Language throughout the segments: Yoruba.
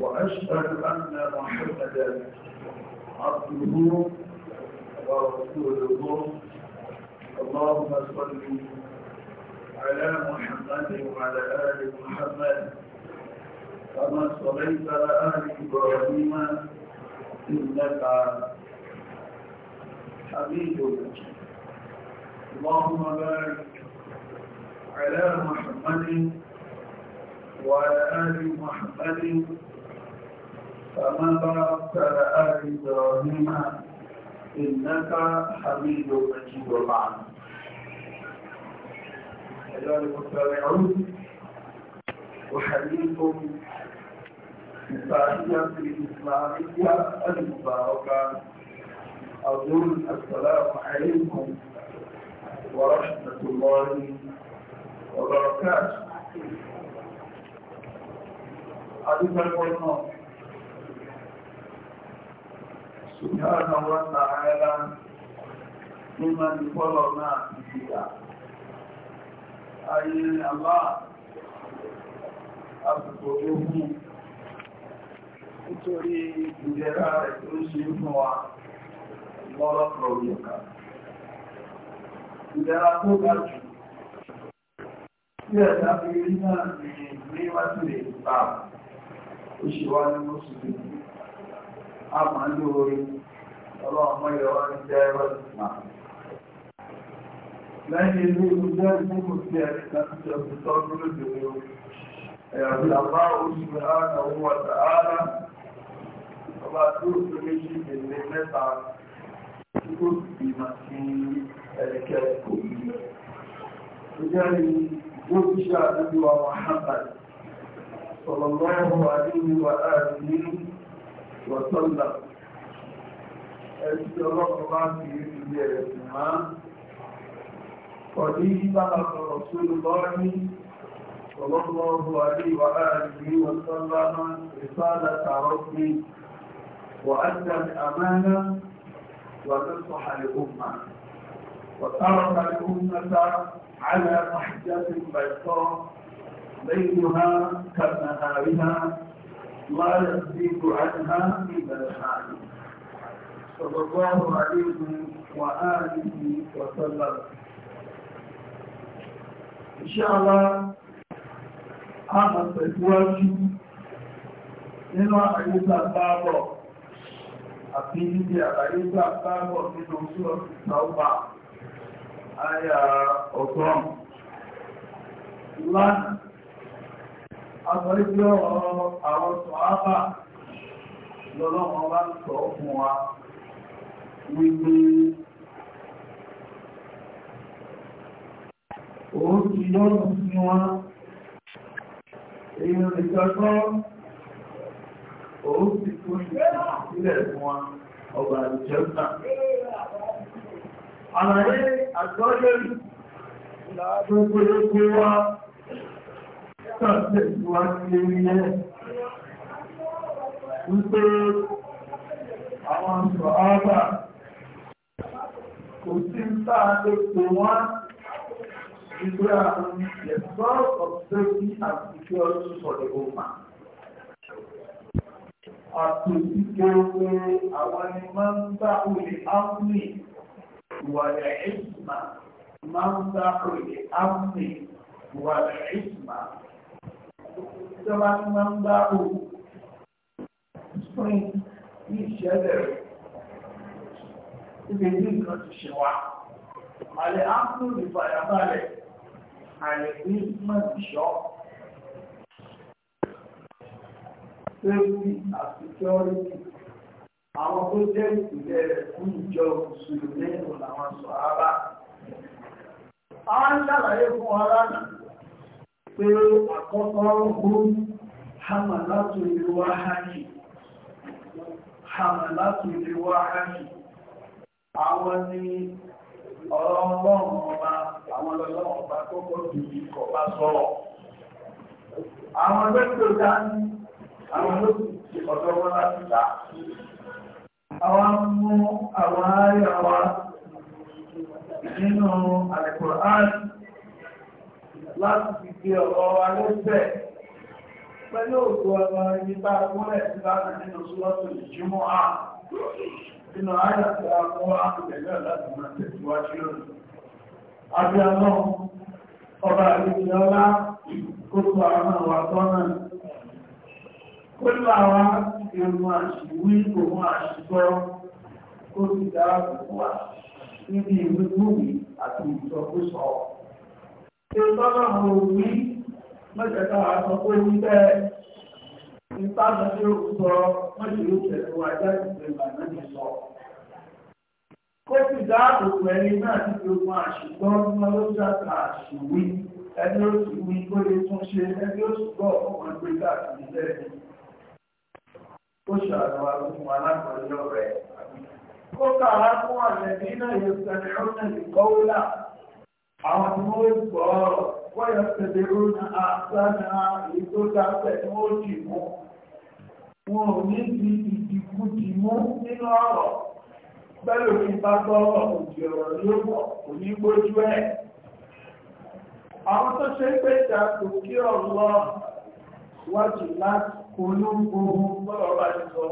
وأشهد أن محمدا عبده ورسوله اللهم صل على محمد وعلى آل محمد كما صليت على آل إبراهيم إنك حميد اللهم بارك على محمد وعلى آل محمد كما باركت على آل إبراهيم إنك حميد مجيد وبعد أيها المتابعون أحييكم بتحية الإسلامية المباركة أقول السلام عليكم ورحمة الله وبركاته أدوك القرآن Subhanahu wa a ní n'ụlọ ndị fọ́lọ̀ na ti ya, na nítorí ìjẹra rẹ̀ tó ṣe fún wa lọ́lọ́pọ̀ òyìnká. Ìjẹra tó ga jù tí ẹ̀dá fi rí náà ní níwájú lè gbà ní mọ́sùlùmí. a máa ní orí ọlọ́ọ̀mọ́ ìyọ̀wá ní jẹ́rọ ìsìnà lẹ́yìn ilé ìgbẹ́ ìgbókò sí ẹ̀rí láti ṣe ọ̀pùtọ́ dúró dèrò ẹ̀yàwó àbá oṣù ààrẹ owó àdúgbò àwọn àhàbàlì sọ̀rọ̀ lọ́wọ́ àdúgbò وصلى ẹ̀sìn ọlọ́pàá bá ti rí ilé ẹ̀sìn máa ọdí ìbára sọ̀rọ̀ tó lọ́rọ̀ ní ọlọ́pàá àrí wà áàrí wọ́n sọ́lá máa ìfàdà tààrọ́ pé wà á jẹ́ àmánà wà lọ́sọ̀ àlẹ́kùnmá وترك الأمة على محجة بيضاء ليلها كنهارها ما يزيد عنها إلا الحال صلى الله عليه وآله وسلم إن شاء الله أنا تتواجه nínú àyíká bábọ̀ àti níbi àyíká bábọ̀ nínú ṣúlọ̀ ìtàọ́bà ayà ọ̀gọ́rùn-ún Àtọ́lẹ́gbẹ́ ọ̀rọ̀ àwọn sọ̀hábà lọ́lọ́wọ́ bá ń sọ fún wa wípé òun ti lọ́rùn sí wọn, èyí ìjọsọ́ òun ti tó ìsìnlẹ̀ fún wa ọba ìjọsọ́. Àlàyé àtọ́lẹ́gbẹ́ kàn tẹ̀síwájú lérí ẹ̀ wípé àwọn ṣọ̀ọ́bà kò sí ń táa lè pè wọ́n ìgbé àwọn ẹ̀sọ́ of safety and security for the woman. Àtòsí kéwé àwọn ni máa ń bá olè áfúnì ìwàlẹ̀ ìsìnmà máa ń bá olè áfúnì ìwàlẹ̀ ìsìnmà ìjọba tí wọ́n ń bá o spring ní ìṣẹ̀lẹ̀ rẹ̀ ibi ní nǹkan ti ṣe wá àlè ápùlù ìfàyàbalẹ̀ àlè ní mọ́tì ṣọ́ safety and security àwọn tó jẹ́ ìpìlẹ̀ rẹ̀ fún ìjọ mùsùlùmí làwọn sọ ara. àwọn ń ṣàlàyé fún wa pé àkọ́kọ́ ohun hamalatu ìlúwà hajji hamalatu ìlúwà hajji àwọn ni ọ̀rọ̀ ọlọ́run ọba àwọn ọlọ́run ọba kọ́kọ́ dùbí kọ̀ bá sọ́rọ̀ àwọn ẹgbẹ́ tó dá ní àwọn olóòtú ọ̀dọ́ wọn láti dá láti fi gbé ọ̀rọ̀ wa lẹ́sẹ̀ pẹ̀lú òkú ọmọ ìgbà múlẹ̀ sí láti nínú súnlọ́tò ìjímọ̀ á nínú a àwọn akọ̀lẹ̀lẹ̀ láti máa tẹ̀síwájú lónìí. Abíọ́nà ọba àríkì ọlá kókò àwọn àwọn àtọ́nà. Kólú àwa ìrùn àṣìwí òun àṣìgbọ́ kó sì dára fún wa níbi ìwé gbòmí àti ìsọkúsọ ìtọ́lọ́mù òwú mẹ́tẹ̀ẹ̀ta náà ní sọ. Kó sì dáàbò ló játa àṣìwí ẹni ó sì wí kó lè tún ṣe ẹni ó sì gbọ́ ọmọ ẹgbẹ́ káàkiri lẹ́yìn. Ó ṣàlùwà fún alákọ̀ọ́yọ́ rẹ̀. Kó kàrá àwọn tí wọ́n gbọ́ wọ́yọ̀ tẹ̀lé rúnà àtàrà ètò dáfẹ́ tí wọ́n dì mú wọn ò ní di ìdìkú dì mú nínú ọ̀rọ̀ bẹ́ẹ̀ òní bá gbọ́rọ̀ òdì ọ̀rọ̀ ló pọ̀ kò ní gbójú ẹ̀ àwọn tó ṣe pé ìjà kí ọ̀rọ̀ wájú láti polongo bọ́rọ̀ bá ti sọ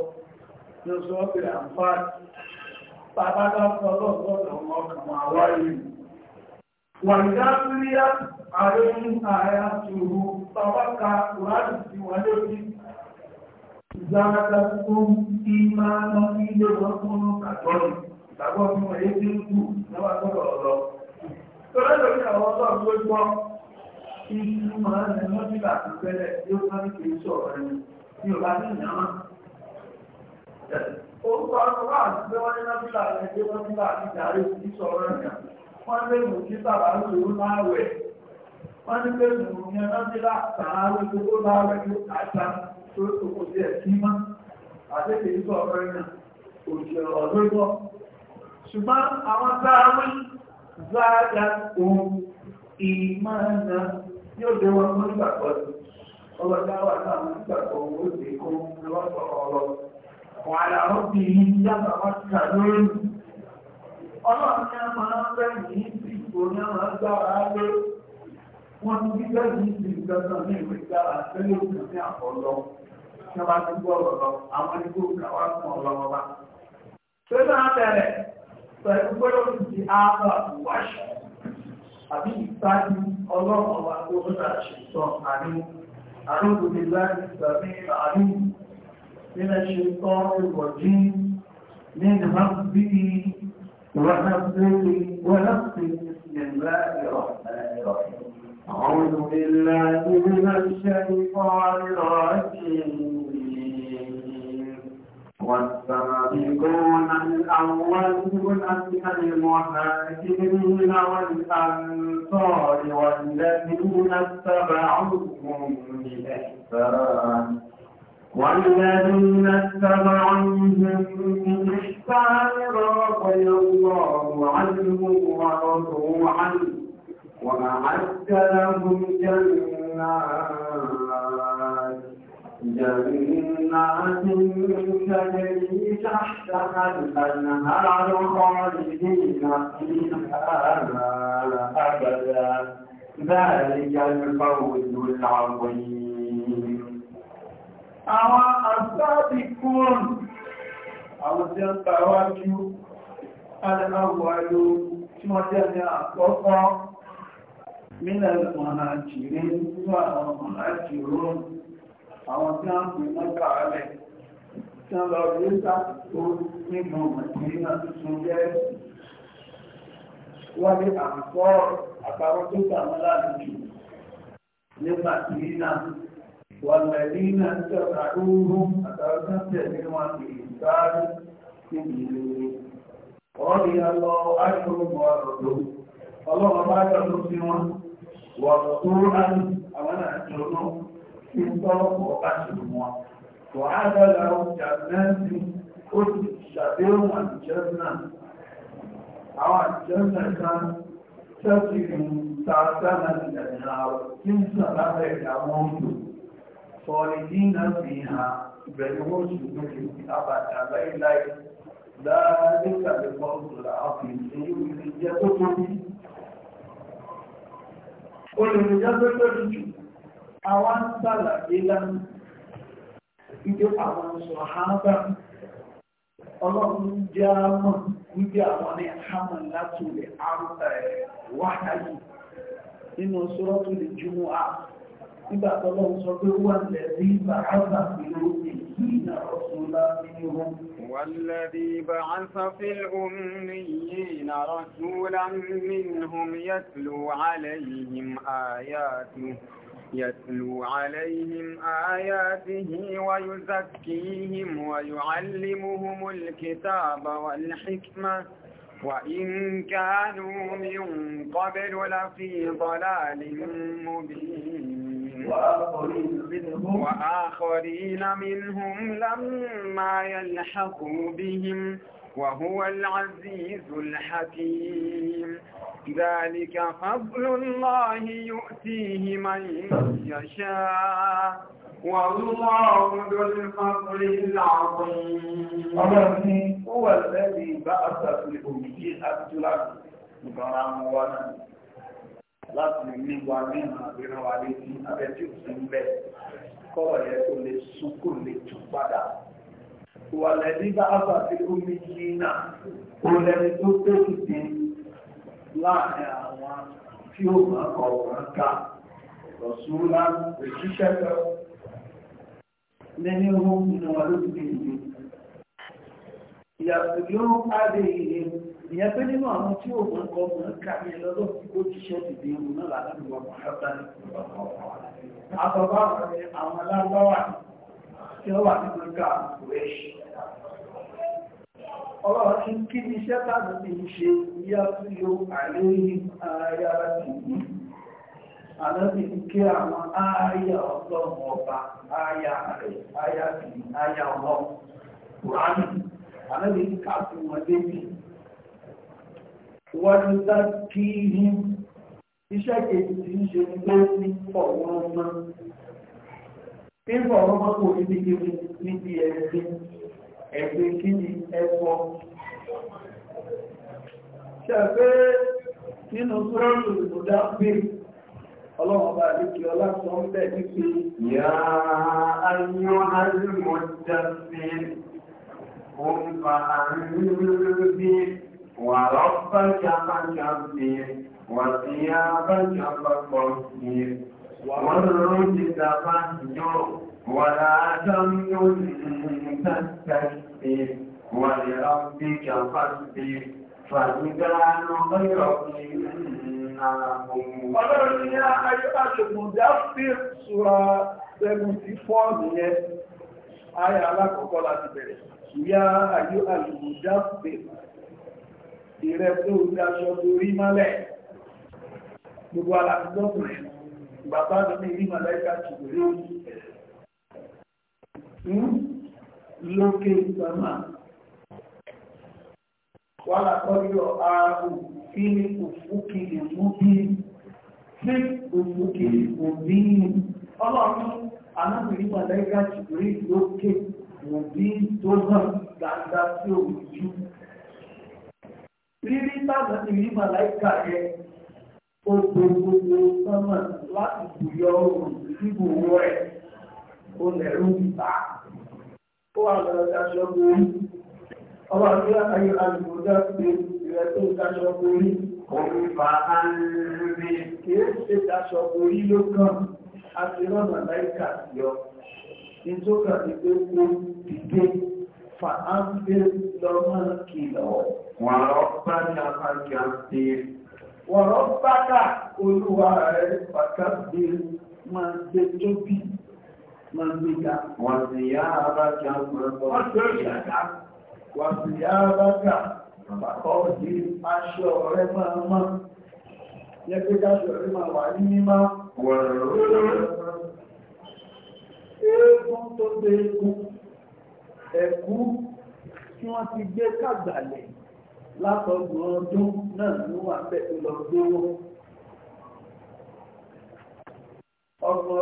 lọ́sọ̀ọ́ pé àǹfààní bàbá bá sọ lọ́sọ̀ọ́ wàlúdáfíríà àrẹ́yìn àyà tòrò pàwákà láti ti wà lórí ìzáratà tó ń kí máa ná sí ilé wọn fún àjọyìn ìgbàgbọ́ fún ẹ̀yẹ tí ń kú lọ́wọ́ tọ́lọ̀ ọ̀lọ́ tọ́lọ́dọ̀ ní àwọn ọlọ́run ló gbọ́ ìlú máa ń lọ sí ìgbà tó fẹ́lẹ̀ yóò bá ní kìí sọ̀rọ̀ ẹni ní ọba pé wọ́n ní náà fílà rẹ̀ gbé wọ́n fílà àti ìdárí ìsọ̀rọ̀ ẹ̀yà wọ́n lè mú kí tàbá ń lòó láàwẹ̀ wọ́n ní pé mú yẹn láti láàárín gbogbo láàwẹ̀ tó àṣà tó kò sí ẹ̀kí mọ́ àti kìí sọ ọ̀rẹ́ náà òṣèlú ọ̀lọ́gbọ́ ṣùgbọ́n àwọn táàrí záàdá ọlọ́run ní a máa ń fẹ́ ní ìsìnkú ní a máa gbára lé wọ́n ti bí bẹ́ẹ̀ ní ìsìnkú gbọ́dọ̀ ní ìwé gbára lẹ́lẹ́ òkú ní àkọ́lọ́ tí wọ́n bá ti gbọ́ ọ̀rọ̀ lọ àwọn ẹni tó kà wá fún ọlọ́wọ́ bá. tó náà bẹ̀rẹ̀ pẹ̀lú gbọ́dọ̀ ti àbá wáṣọ àbí ìsáájú ọlọ́run وحفظه ونفسه بسم الله الرحمن الرحيم أعوذ بالله من الشيطان الرجيم والسابقون الأولون من المهاجرين والأنصار والذين اتبعوهم بإحسان والذين اتبعوهم بإحسان رضي الله عنهم ورضوا عنه وأعد لهم جنات جنات تجري تحتها الأنهار خالدين فيها أبدا ذلك الفوز العظيم àwọn àsáàbì kúrùn àwọn tí ó tàwájú aláwọ̀ ayò tí wọ́n jẹ́ ní àkọ́kọ́ mílẹ̀ mọ̀nà jìrí nínú àwọn mọ̀nà jìrún àwọn tí wọ́n pè mọ́ta alẹ́ tí wọ́n lọ rí sàtò nínú mọ̀tìrínà tuntun jẹ́ wọ́n ní àkọ́ àtàwọn tó tàwọn láàrin jù ní mọ̀tìrínà والذين اتبعوهم أتوسل بإحسان سبيله رضي الله عنهم ورضوا الله بارك مسلما ورضوا عنه أمانة جنوب في طرف وقتلهم وعاد لهم جنات كل شبيه الجنة أو الجنة كان تجري تحتها الأنهار إن سلامك يا خالدين فيها بيروس مثل أبدا ليلي ذلك الفوز العظيم سيجدكم قل يجدكم àwọn sàlà ilá ìjọ àwọn ha ọlọ́run jẹ́ mọ̀ níbi àwọn ní àmà látò lè àrùta ẹ̀ wáhàyì nínú sọ́rọ́tò nígbà tó lọ́wọ́ sọ pé wà lẹ́rí bàáfà والذي بعث في الأميين رسولا منهم يتلو عليهم آياته يتلو عليهم آياته ويزكيهم ويعلمهم الكتاب والحكمة وإن كانوا من قبل لفي ضلال مبين وآخرين منهم لما يلحقوا بهم وهو العزيز الحكيم ذلك فضل الله يؤتيه من يشاء والله ذو الفضل العظيم هو الذي بعث في الأميين أبتلاد مكرم ونبي láti ní wa ní àbíràn wa létí abẹ́ tí ò sí ń bẹ̀ kọ́wọ̀ yẹ kó lè súnkù lè tún padà wà lẹ́ni bá àgbà tí ó ní yí náà kò lẹ́ni tó tó dìde láàrin àwọn tí ó máa kọ̀ wọ́n ká lọ́sùn láti òṣìṣẹ́ fẹ́ lẹ́ni ohun ìnáwó ló ti dìde ìyàtọ̀ yóò pàdé ìhìn ìyẹn pé nínú àwọn tí ó wọ́n kọ́ mọ̀ ń kà ní ẹlọ́lọ́ tí ó ti ṣe ti dìrù náà láti wọ́n mọ̀ ṣọ́tà ní àtọ́bá àwọn aláwọ̀wà tí ó wà nínú ká rẹ̀ṣì ọlọ́rọ̀ tí kí ní iṣẹ́ tàbí ti ń ṣe yá tí yóò àlérí وَيُزَكِّيهِمْ Iṣẹ́ kejì tí ń ṣe ní pé ní fọ̀wọ́ ọmọ. Tí fọ̀wọ́ ọmọ kò ní bí kí níbi ẹgbẹ́, ẹgbẹ́ kí ni ẹ̀fọ́. Ṣẹ̀fẹ́ nínú Súrọ́lù ìbùdá pé ọlọ́run bá lè kí ọlá sọ ń bẹ̀ wípé yà áyọ́ alìmọ̀dá sí òun bá àárín وربك فكبر وثيابك فطهر والرجز فاهجر ولا تمنن تستكبر ولربك فاصبر فإذا نقر في Ọlọ́run ní ayébáṣepọ̀dá fíl ṣúra 74 nìyẹn, ayà alákọ̀ọ́kọ́ láti bẹ̀rẹ̀. Ìyá ayébáṣepọ̀dá fíl ìrẹ́ tó orí aṣọ torí mọ́lẹ̀ gbogbo alágbọ́kùnrin bàbá mi rí màláìka ṣùgbọ́n lókè ìsànmà wà lákọ́lọ́ ààrùn kí ní òfúkìlì mú bí tí òfúkìlì kò bí ọlọ́run alábìrí màláìka ṣùgbọ́n lókè òbí tó hàn dáadáa tí òun jú rírí táwọn ti rí màláìkà yẹ ó gbé gbogbo sánmà láti bùyọ òòrùn síbò wọ ẹ ó lẹrú ìta ó wà lọ daṣọ borí ọba tí ayé alùpùpù pé ìrẹ tó daṣọ borí òun fa àrùnrè kìí ṣe daṣọ borí ló kàn á ti rán màláìkà yọ nítorí àti pé ó dìde. فأنذر يوم القيامة وربك فكبر wọ́n sì yá abájá wọ́n tó wọ́n sì yá abájá bàbákọ́ rẹ̀ máa mọ́ yẹ pé káṣọ rẹ̀ máa wà ní mímọ́ wọ̀rọ̀ rẹ̀ rẹ̀ Eku, tí wọ́n ti gbé kàgbàlẹ̀ látọ̀gbọ̀n ọdún náà ló wà bẹ́ẹ̀ lọ ọgbọ̀n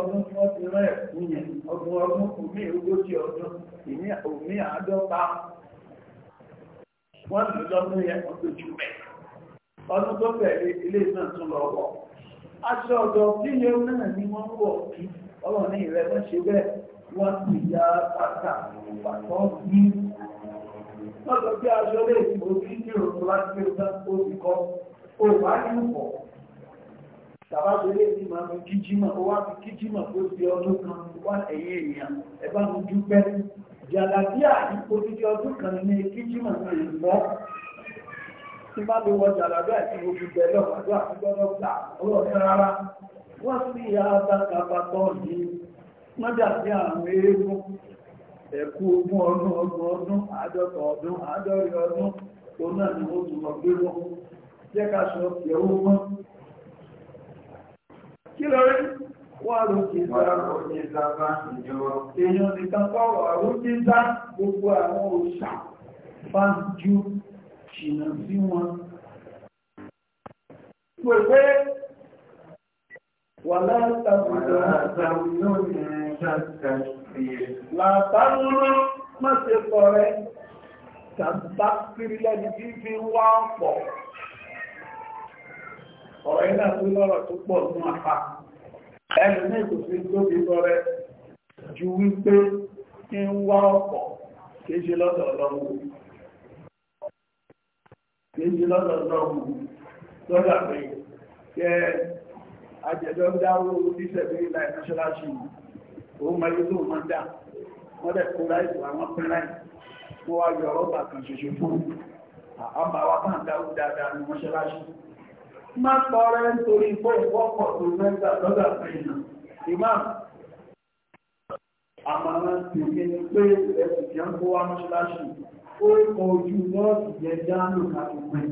ọdún tí wọ́n ti rán ẹ̀kú yẹn ọgbọ̀n ọdún omi ogójì ọdún ìní omi àádọ́ta wọ́n lù lọ́dún yẹn wọ́n tó jù mẹ́ ọdún tó tẹ̀lé ilé náà tún lọ wọ̀ aṣọ náà ni wọ́n wọ̀ kí wọ́n ti ya pátá pàtó bí. Wọ́n sọ pé aṣọ lè fò kí ní òun láti gbé ọ̀sán ó ti kọ́. O wá ní pọ̀. Tàbá ṣe lè ní máa fi kíjímọ̀, ó wá fi kíjímọ̀ tó fi ọdún kan wá ẹ̀yìn ènìyàn. Ẹ bá mi dúpẹ́. Jàlàbíà ìpolítí ọdún kan ní kíjímọ̀ tó lè Tí bá lè wọ jàlàbíà tí mo fi bẹ̀rẹ̀ ọ̀pàdé àti gbọ́dọ̀ gbà, ọlọ́ọ̀fẹ́ rárá. Wọ́n sì yá bá kápá tọ́ọ̀dì mọ́jà sí àwọn eégún ẹ̀kú ogún ọdún ọgbọ̀n ọdún àádọ́ta ọdún àádọ́rin ọdún tó náà ni wọ́n tún lọ gbé wọn jẹ́ ká sọ ìyẹ̀wò mọ́ kí lọ rí wọ́n ló ti sára òjìta bá ìjọba èèyàn nìkan pọ̀wọ̀ àrójìta gbogbo àwọn òṣà bá ju ṣìnà sí wọn ولا تمنن تستكبر لا تمنن má ṣe kọrẹ tàbá kiri lẹ́ni tí fi wá pọ̀ ọ̀rọ̀ iná tó lọ́rọ̀ tó pọ̀ ní apá ẹni ní ìkòsí tóbi lọ́rẹ ju wípé kí ń wá ọ̀pọ̀ kìí ṣe lọ́dọ̀ ọlọ́run kìí ṣe lọ́dọ̀ ọlọ́run lọ́dọ̀ pé kẹ́ẹ̀ àjẹ̀jọ́ ń dáwó oníṣẹ̀bí ilẹ̀ mọ́ṣáláṣí òun mọ ilé tó mọ́ dá wọ́n dẹ̀ kó láìsí àwọn pín láìsí wọ́n wá yọ ọ̀rọ̀ bàkan ṣoṣo fún àbá wa bá ń dáwó dáadáa ní mọ́ṣáláṣí má tọrẹ nítorí pé ìwọ́pọ̀ tó mẹ́ta lọ́dà fẹ̀yìnà imam àmàrà tèmi ni pé ẹ̀sùn jẹ́ ń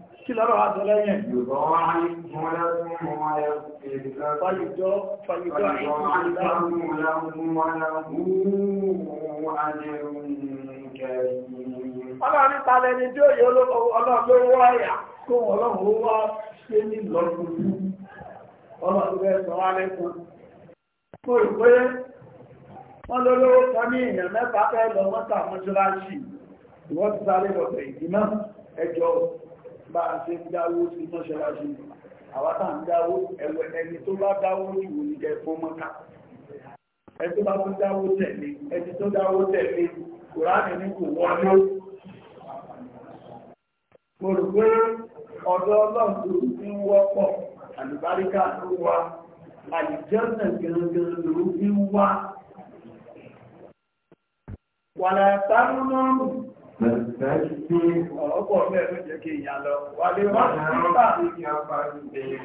kí lọ́rọ̀ àjọ lẹ́yìn fàyíjọ́ fàyíjọ́ ọlọ́run tí ó yẹ ọlọ́run ló kó ọlọ́run ó wá ṣe ní lọ́kùn ọlọ́run bẹ́ẹ̀ sọ kó ìpóyé wọ́n lólówó kan ní èèyàn mẹ́fà fẹ́ lọ wọ́n tà ìwọ́n ti sáré lọ́sẹ̀ ìdí ẹjọ́ bá a ṣe dáwó sí mọ́ṣáláṣí àwátà ń dáwó ẹ̀wẹ̀ ẹni tó bá dáwó jù ní ẹ̀fọ́ mọ́ká ẹni tó bá tún dáwó tẹ̀lé ẹni tó dáwó tẹ̀lé kùránì ní kò wọlé mo rò pé ọ̀dọ́ ọlọ́run ti ń wọ́pọ̀ àlùbáríkà ló wá ló ń wá Ọ̀pọ̀ mẹ́rin jẹ́ kí ìyàn lọ, wà lè wá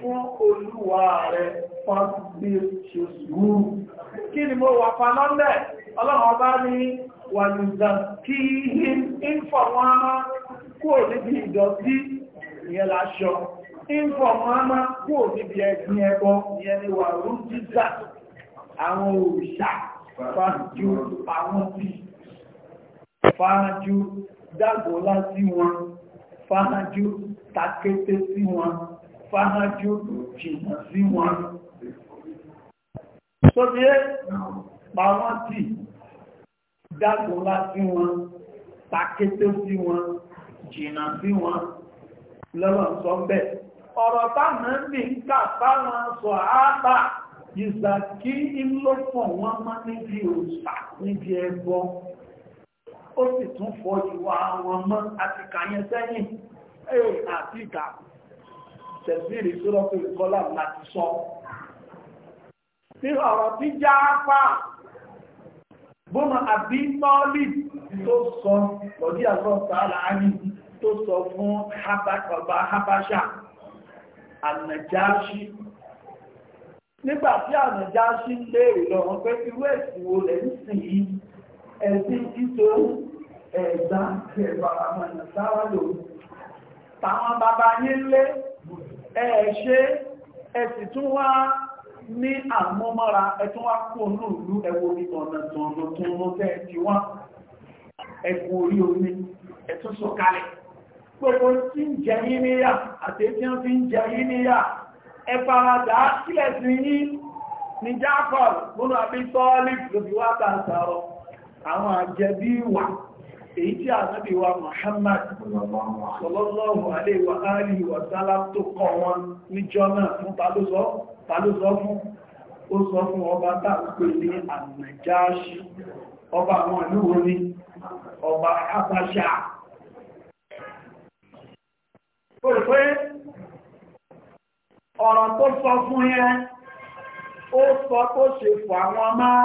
fún olúwa rẹ̀ fásitì ṣoṣù. Kí ni mo wà fa lọ́lẹ̀? Ọlọ́run bá ní wà lùzà kí ihe ìfọ̀wọ́nmá kúrò níbi ìdọ̀tí ìyẹn láṣọ. Ìfọ̀wọ́nmá kúrò níbi ẹ̀gbìn ẹbọ ìyẹn ni wà rú jíjà àwọn òrìṣà fásitì àwọn bíi fáájú dágbòlá sí wọn fáájú takété sí wọn fáájú jìnà sí wọn tó bí é pàwọn tí dágbòlá sí wọn takété sí wọn jìnà sí wọn lọ́wọ́ sọ bẹ́ẹ̀ ọ̀rọ̀ táwọn ní ń kà táwọn sọ àábà ìzàkí ìlọ́pọ̀ wọn máa níbi òṣà níbi ẹgbọ́n ó sì tún fọ ìwà wọn mọ́ àti kàyẹ sẹ́yìn èè àti ìkà tẹ̀síìrì sórọ́pù ìkọlá láti sọ tí ọ̀rọ̀ tí já pa bọ́mọ àbí mọ́ọ́lì tó sọ lọ́dí àgbọ̀ta láàrin tó sọ fún ọba habasha ànàjáṣí nígbàtí ànàjáṣí léèrè lọ́wọ́ pé irú ẹ̀sìn wo ń sìn yìí ẹ̀sìn títò ẹ̀gbá ẹ̀bàràmọ̀nà sáwà lò táwọn bàbá yín lé ẹ̀ṣẹ́ ẹ̀sì tún wá ní àmọ́mọ́ra ẹ̀tún wá kó lóòrú ẹwọ ìtọ̀nà tọ̀nà tó wọ́n fẹ́ ti wá ẹ̀kù orí omi ẹ̀tún sọ̀kalẹ̀ gbogbo tí ń jẹ yín níyà àti tí wọ́n fi ń jẹ yín níyà ẹ̀fàràdà sílẹ̀ sí yín ní jákọ̀ọ̀ lónà àbí tọ́ọ̀lì lòdìwátà sàrọ̀ àwọn àjẹbí ìwà èyí tí ànábì wa Muhammad sallallahu alaihi wa alihi wa sallam tó kọ wọn níjọ́ náà fún talósọ́ fún ó sọ fún ọba táàpé ní ànàjáṣì ọba àwọn ìlúwo ní ọba Habasha ó ọ̀rọ̀ tó sọ fún yẹn ó sọ tó ṣe fún àwọn máa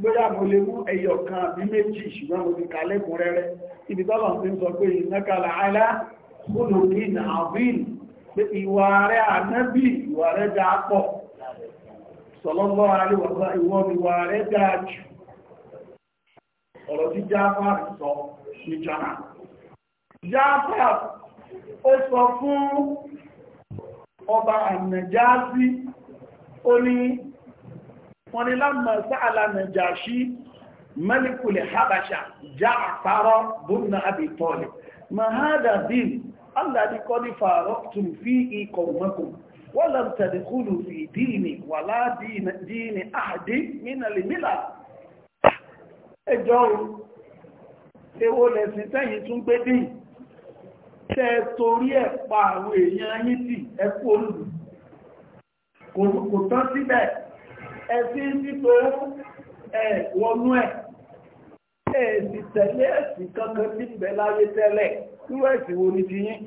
bóyá mo lè mú ẹyọ kan àbí méjì ṣùgbọ́n mo ti kà lẹ́kùnrẹ́rẹ́ ibi tọ́lọ̀ ti ń sọ pé ìnákàlà àìlá olùkín àbín pé ìwà rẹ̀ ànábì ìwà rẹ̀ dáa pọ̀ sọlọ́gbọ́ àríwọ̀sá ìwọ́n ìwà rẹ̀ dáa jù ọ̀rọ̀ tí jáfàr sọ ní jọ́nà jáfàr ó sọ fún wọ́n ni lámà sáàlá nàjàṣí mẹ́lìkùlẹ̀ habasha Ja'far ibn Abi Talib mahada bin alladhi qad faraqtum fihi qawmakum wa lam tadkhulu fi dini wala dini ahadin min al-milal ẹjọ́ ewó lẹ́sìn tẹ́yìn tún gbé dìí tẹ́ kò tán síbẹ̀ ẹ̀sí si ẹ̀ wọnú ẹ̀ e tẹ̀lé ẹ̀sì kankan tí bẹ̀ láyé tẹ́lẹ̀ irú ẹ̀sì wo ni ti yín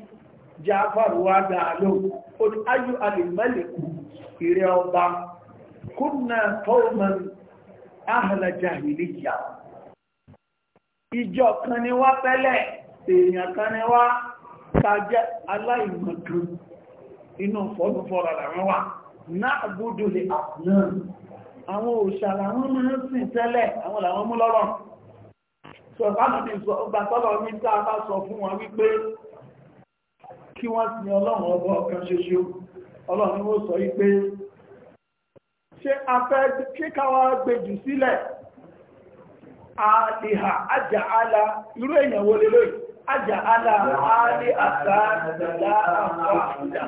Jáfàrù wá dáa ó ní ayú alìmẹ́lẹ̀kù ìrẹ ọba kúnnà fọ́ọ̀mọ̀n áhàlàjà ìlíyà ìjọ kan ni wá pẹ́lẹ̀ èèyàn kan ni wá tàjẹ́ aláìmọ̀kan inú àwọn òòṣà làwọn máa ń sìn tẹ́lẹ̀ àwọn làwọn mú lọ́rọ̀ gbàtọ́lọ̀ ní tá a bá sọ fún wọn wípé kí wọ́n sin ọlọ́run ọba ọ̀kan ṣoṣo ọlọ́run ni wọ́n sọ wípé ṣé a fẹ́ kí káwá gbèjù sílẹ̀ àdìhà àjà àlà irú èèyàn wo lélẹ́yìí Ajá alá àárí àtà ìdá àwọn àìdá.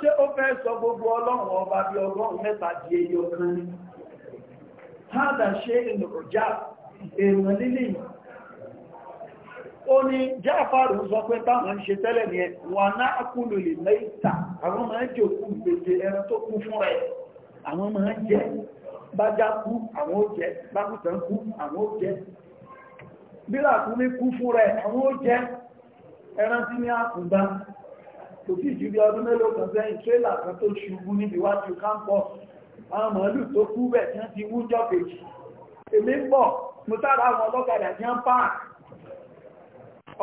Ṣé ó fẹ́ sọ gbogbo ọlọ́run ọba bí ọgọ́rùn mẹ́ta di eyi ọkàn ní? Hádà ṣe ìrọ̀já èèyàn lílì. Ó ní Jáfàrù sọ pé táwọn ń ṣe tẹ́lẹ̀ ni ẹ, wà náà kúlù lè mẹ́ta, àwọn máa ń jòkú gbèsè ẹran tó kú fún rẹ̀, àwọn máa ń jẹ, bájá kú, àwọn ó jẹ, bákùtàn kú, àwọn ó jẹ, bílà kú ní kú fún rẹ̀ àwọn ó jẹ́ ẹran tí ní àkùgbá kò sí jù bí ọdún mélòó kan sẹ́yìn tírélà kan tó ṣubú níbi wájú kámpọ̀ àwọn màálù tó kú bẹ̀ tí wọ́n ti wújọ́ kejì èmi ń bọ̀ mo sára àwọn ọlọ́kadà tí wọ́n pààk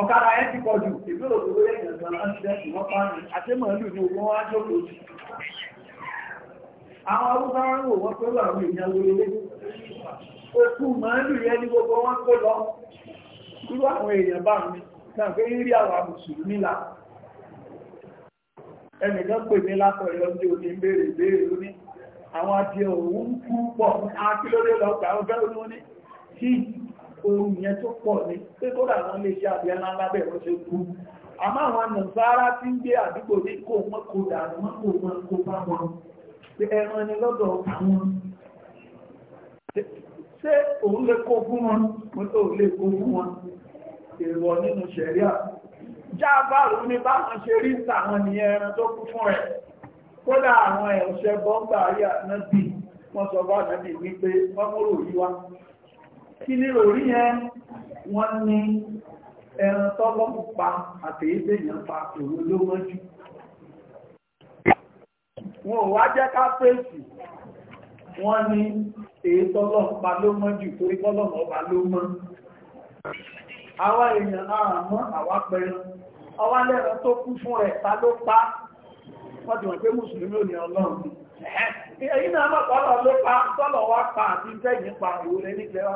ọ̀kadà ẹ̀ ti pọ̀jù ìgbèrò tó lórí ẹ̀yàn gan ánṣẹ́ẹ̀tì wọ́n pààyàn àti màálù ní ogun wá jókòó sí àwọn arúgbá ń wò wọ́n pẹ̀lú àwọn èèyàn lórí okú màálù yẹn ní gbogbo wọn kó lọ irú àwọn èèyàn bá mi náà pé rí àwọn mùsùlùmí là ẹnìkan pè mí látọ̀rẹ́ ọjọ́ òní ń àwọn òun kú pọ̀ tí ohun yẹn tó pọ̀ ní pé kó dà wọ́n lè ṣe àbí ẹran lábẹ́ ṣe kú àmọ́ àwọn tí ń gbé àdúgbò ní kò mọ́ kò dànù mọ́ wọn ṣé òun lè kó fún wọn mo tó lè kó fún wọn èèwọ̀ nínú ṣẹ̀ríà jábàrú ní báwọn ṣe rí sàwọn ní ẹran tó kú fún rẹ̀ kódà àwọn ẹ̀ṣẹ́ bọ́m̀bà rí ànábì wọ́n sọ bá ànábì wípé wọ́n múrò yí wá kí nílò rí yẹn wọ́n ní ẹran tọ́lọ́ pa àtẹ̀yẹ́dẹ̀yàn pa òun ló mọ́ jù wọn ò wá jẹ́ ká fèsì wọ́n ní èyí tọ́lọ̀ pa ló mọ́ jù torí pọ́lọ̀ ọba ló mọ́ àwa èèyàn àmọ́ àwa pẹ̀lú ọwá lẹ́rọ tó kú fún rẹ̀ ta ló pa wọ́n ti wọ́n pé mùsùlùmí ò ní ọlọ́run èyí náà mọ̀ pọ́lọ̀ ló pa tọ́lọ̀ wá pa àti tẹ́yìn pa ìwò rẹ̀ nígbẹ́ wá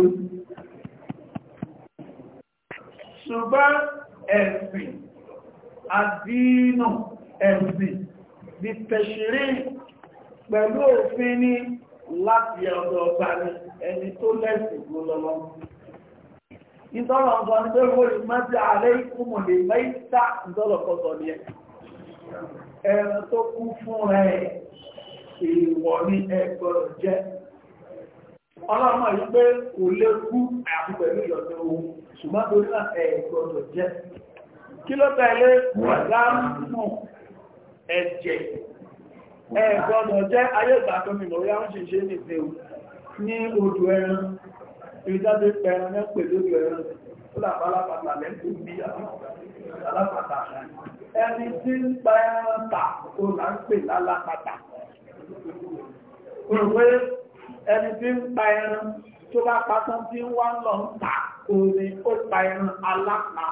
ní ṣùgbọ́n ẹ̀sìn àdínà ẹ̀sìn di tẹ̀ṣìrí pẹ̀lú òfin ní láti ọ̀dọ̀ ọba ní ẹni tó lẹ́sìn kó lọ́lọ́ ìtọ́lọ̀ ọ̀sán ní pé wọ́n mẹ́ta àlẹ́ ìkúmọ̀ lè mẹ́ta ìtọ́lọ̀kọ́sọ ní ẹ̀rọ tó kú fún ẹ̀ èèwọ̀ ní ẹgbọ̀rọ̀ jẹ́ ọlọ́mọ yìí pé kò lè kú àyàfi pẹ̀lú ìyọ̀tẹ̀ ohun ṣùgbọ́n torí náà ẹ̀ gbọ́dọ̀ jẹ́ kí ló tẹ̀lé wàdámù ẹ̀jẹ̀ ẹ̀ gbọ́dọ̀ jẹ́ ayé ìgbà tó àwọn ṣiṣẹ́ nìfẹ́ o ní odò ẹran ìrìnjáde pẹ̀rẹ̀ ní pè lórí ẹran ó làbá alápàtà lẹ́kùn bí alápàtà ẹni tí ń pa ẹran tà ó là ẹni tí ń pa ẹran tó bá pa tán tí ń wá lọ ń tà kò ní ó pa ẹran alápa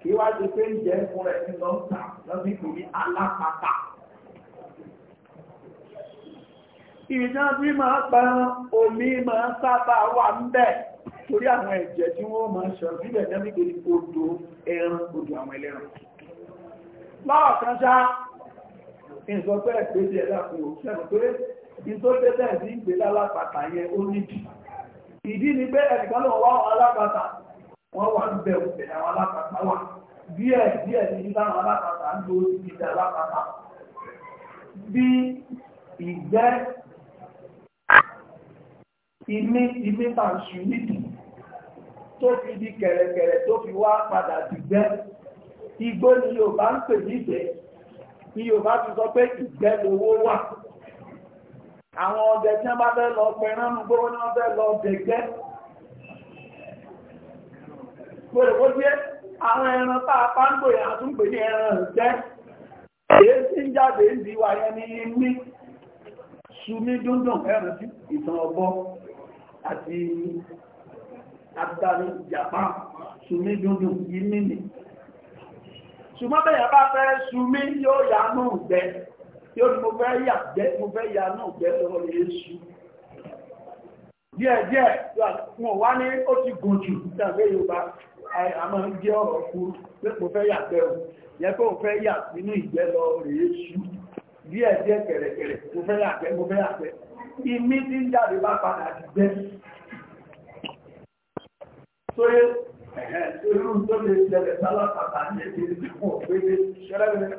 kí wá ti pé ìjẹ́ fún rẹ̀ ń lọ ń tà lọ́bí kò ní alápatà. Ìjọ bí máa pa omi máa sábà wà ń bẹ̀ torí àwọn ẹ̀jẹ̀ tí wọ́n máa ṣọ̀ sílẹ̀ lọ́bí kò ní odò ẹran odò àwọn ẹlẹ́ran. Lọ́ọ̀kan ṣá, ìsọpẹ́ ìpèsè ẹ̀dá kò sẹ́nu pé ìtò tẹ́tẹ́ sí ìgbélé alápàtà yẹn ó nídìí ìdí ni pé ẹnìkan náà wá àwọn alápàtà wọ́n wà ń bẹ̀ òbẹ̀ àwọn alápàtà wà díẹ̀ díẹ̀ ní nígbà àwọn alápàtà ń lo ìdí alápàtà bí ìgbẹ́ ìmí ìmí tàǹsù nídìí tó fi di kẹ̀rẹ̀kẹ̀rẹ̀ tó fi wá padà dìgbẹ́ igbó ni Yorùbá ń pè nígbẹ́ ni Yorùbá ti sọ pé ìgbẹ́ lowó wà àwọn ọdẹ tí wọ́n bá fẹ́ lọ pẹ̀rán nù gbówó ní wọ́n fẹ́ lọ gẹ̀gẹ́ gbòrògbò díẹ̀ àwọn ẹran tá a pàǹgbò yà tún pè ní ẹran ìjẹ́ èé sí ń jáde ń di wa ní imí sumi dúndùn ẹran sí ìtàn ọgbọ́ àti àtàrí jàpá sumi dúndùn imí nì ṣùgbọ́n bẹ̀yà bá fẹ́ sumi yóò yà nù bẹ́ẹ̀ tí ó ní mo fẹ́ yà jẹ́ mo fẹ́ yà náà jẹ́ lọ́wọ́ lè díẹ̀díẹ̀ wọn wá ní ó ti gùn jù tàbí Yorùbá àmọ́ jẹ́ ọ̀rọ̀ kúrú pé mo fẹ́ yà bẹ́ẹ̀ o yẹ pé mo fẹ́ yà nínú ìgbẹ́ lọ rè díẹ̀díẹ̀ kẹ̀rẹ̀kẹ̀rẹ̀ mo fẹ́ yà bẹ́ẹ̀ mo fẹ́ yà bẹ́ẹ̀ imí tí ń jáde bá padà ti gbẹ́ sóyè ẹ̀hẹ́ sóyè tó lè ṣẹlẹ̀ sálá pàtàkì ẹ̀kẹ́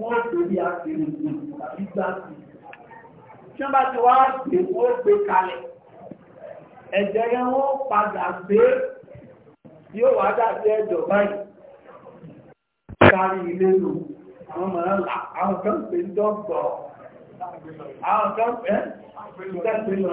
wọ́n ó gbé bí agbèrè ìlú tàbí gbáàsì. Tí wọ́n bá ti wá gbé wọ́n ó gbé kalẹ̀. Ẹ̀jẹ̀ yẹn wọ́n padà gbé yóò wá dàbí ẹ̀jọ̀ báyìí. Kárí ilé lò, àwọn mọ̀rán là, àwọn kan pè ń dọ́gbọ̀. Àwọn kan pè ń tẹ́sí lọ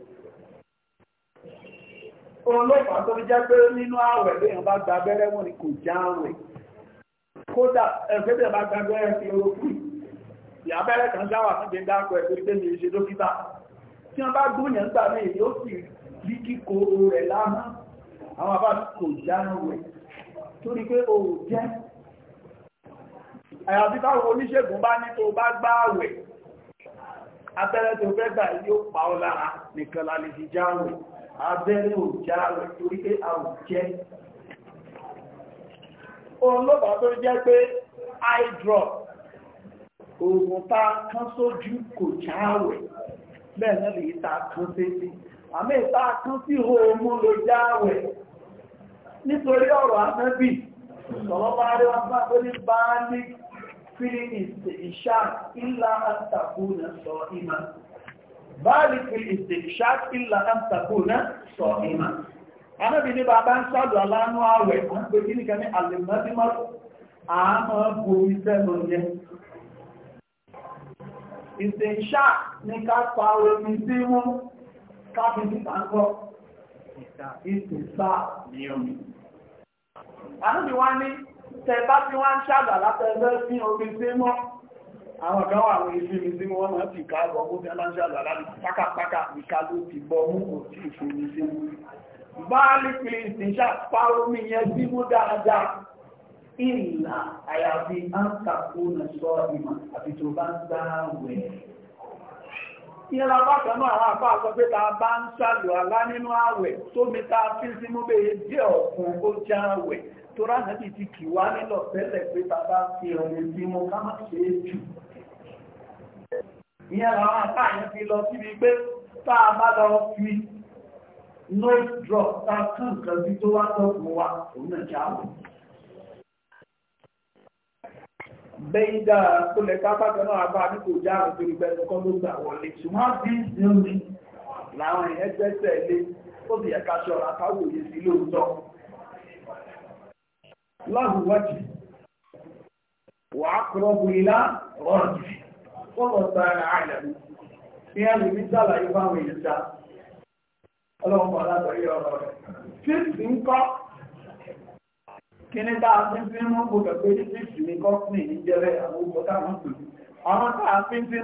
olóòpàá tó fi jẹ́ pé nínú ààwẹ̀ léèyàn bá gba abẹ́rẹ́ wọn ni kò já ààwẹ̀ kódà ẹ̀fẹ́bẹ̀ bá gba abẹ́rẹ́ fi orókù ìyá abẹ́rẹ́ kan dáwà fún gbẹ̀ngà akọ ẹ̀ torí pé mi ṣe dókítà tí wọ́n bá gbóyàn gbà mí yóò sì rí kíkó rẹ̀ lánàá àwọn àbá kò já ààwẹ̀ torí pé o ò jẹ́ àyàfi táwọn oníṣègùn bá ní tó bá gbá ààwẹ̀ abẹ́rẹ́ tó fẹ́ gbà yóò pa ọ́ lára nìkan la lè fi já ààwẹ̀ abẹ́rẹ́ òjá rẹ̀ torí pé a ò jẹ́ ohun lọ́pàá tó jẹ́ pé eye drop oògùn ta kán sójú kò jáwẹ̀ bẹ́ẹ̀ náà lè ta kán sétí àmì ìta kán sí hoomú ló jáwẹ̀ nítorí ọ̀rọ̀ àmẹ́bì sọ̀rọ̀bá rí wọ́n bá tó ní bá báàlìkì ìsìnṣáàkì látàkùnà sọ ìmá anábi ní bàbá ń sàdù aláánú ààwẹ̀ àpè kí ní kẹ́ni alìmọ́dímọ́ àmọ́ borí sẹ́nu yẹ ìsìnṣá ní ká pa omi sí mú káfí níta ń kọ́ ìsìnṣá ní omi anábi wá ní tẹ tí wá ń sàdù alátẹ́lẹ́ àwọn kan wà ní ìfìmí tí wọ́n máa ti ká ọgbọ́n tí a máa ń ṣàlọ́ aláàrí pákàpákà ìka ló ti bọ́ mú òtí ìfìmí sí mú báálí pìlìsì ṣàpárò mi yẹn sí mú dáadáa ìlà àyàfi áńkàkó nà sọ ìmọ̀ àti tó bá ń gbáwẹ̀ ìyẹn abákan náà àwọn àpá àsọ pé ta bá ń ṣàlọ́ alá nínú àwẹ̀ tómi ta fi sí mú bẹ́ẹ̀ jẹ́ ọ̀kan ó já àwẹ̀ tó ránà bí ti kì wá nílọ̀ tẹ́lẹ̀ pé ta bá fi ọ̀rẹ́ sí ká má ṣe é jù ìyẹn làwọn àpáàyàn fi lọ síbi pé tá a bá lọ fi no drop tá a kàn kan sí tó wá tọ́kùn wa òun náà kí á wọ̀ bẹ́yìndà kólẹ̀ kápákan náà bá ní kò já àwọn torí pẹ̀lú kọ́ ló gbà wọlé ṣùgbọ́n bí zilmi láwọn èèyàn gbẹ́sẹ̀ lé ó sì ẹ̀ka ṣọ́ra káwòye sí lóòótọ́ láhùwájì wà á kúrọ́bù wọ́n mọ̀ sára ń kọ́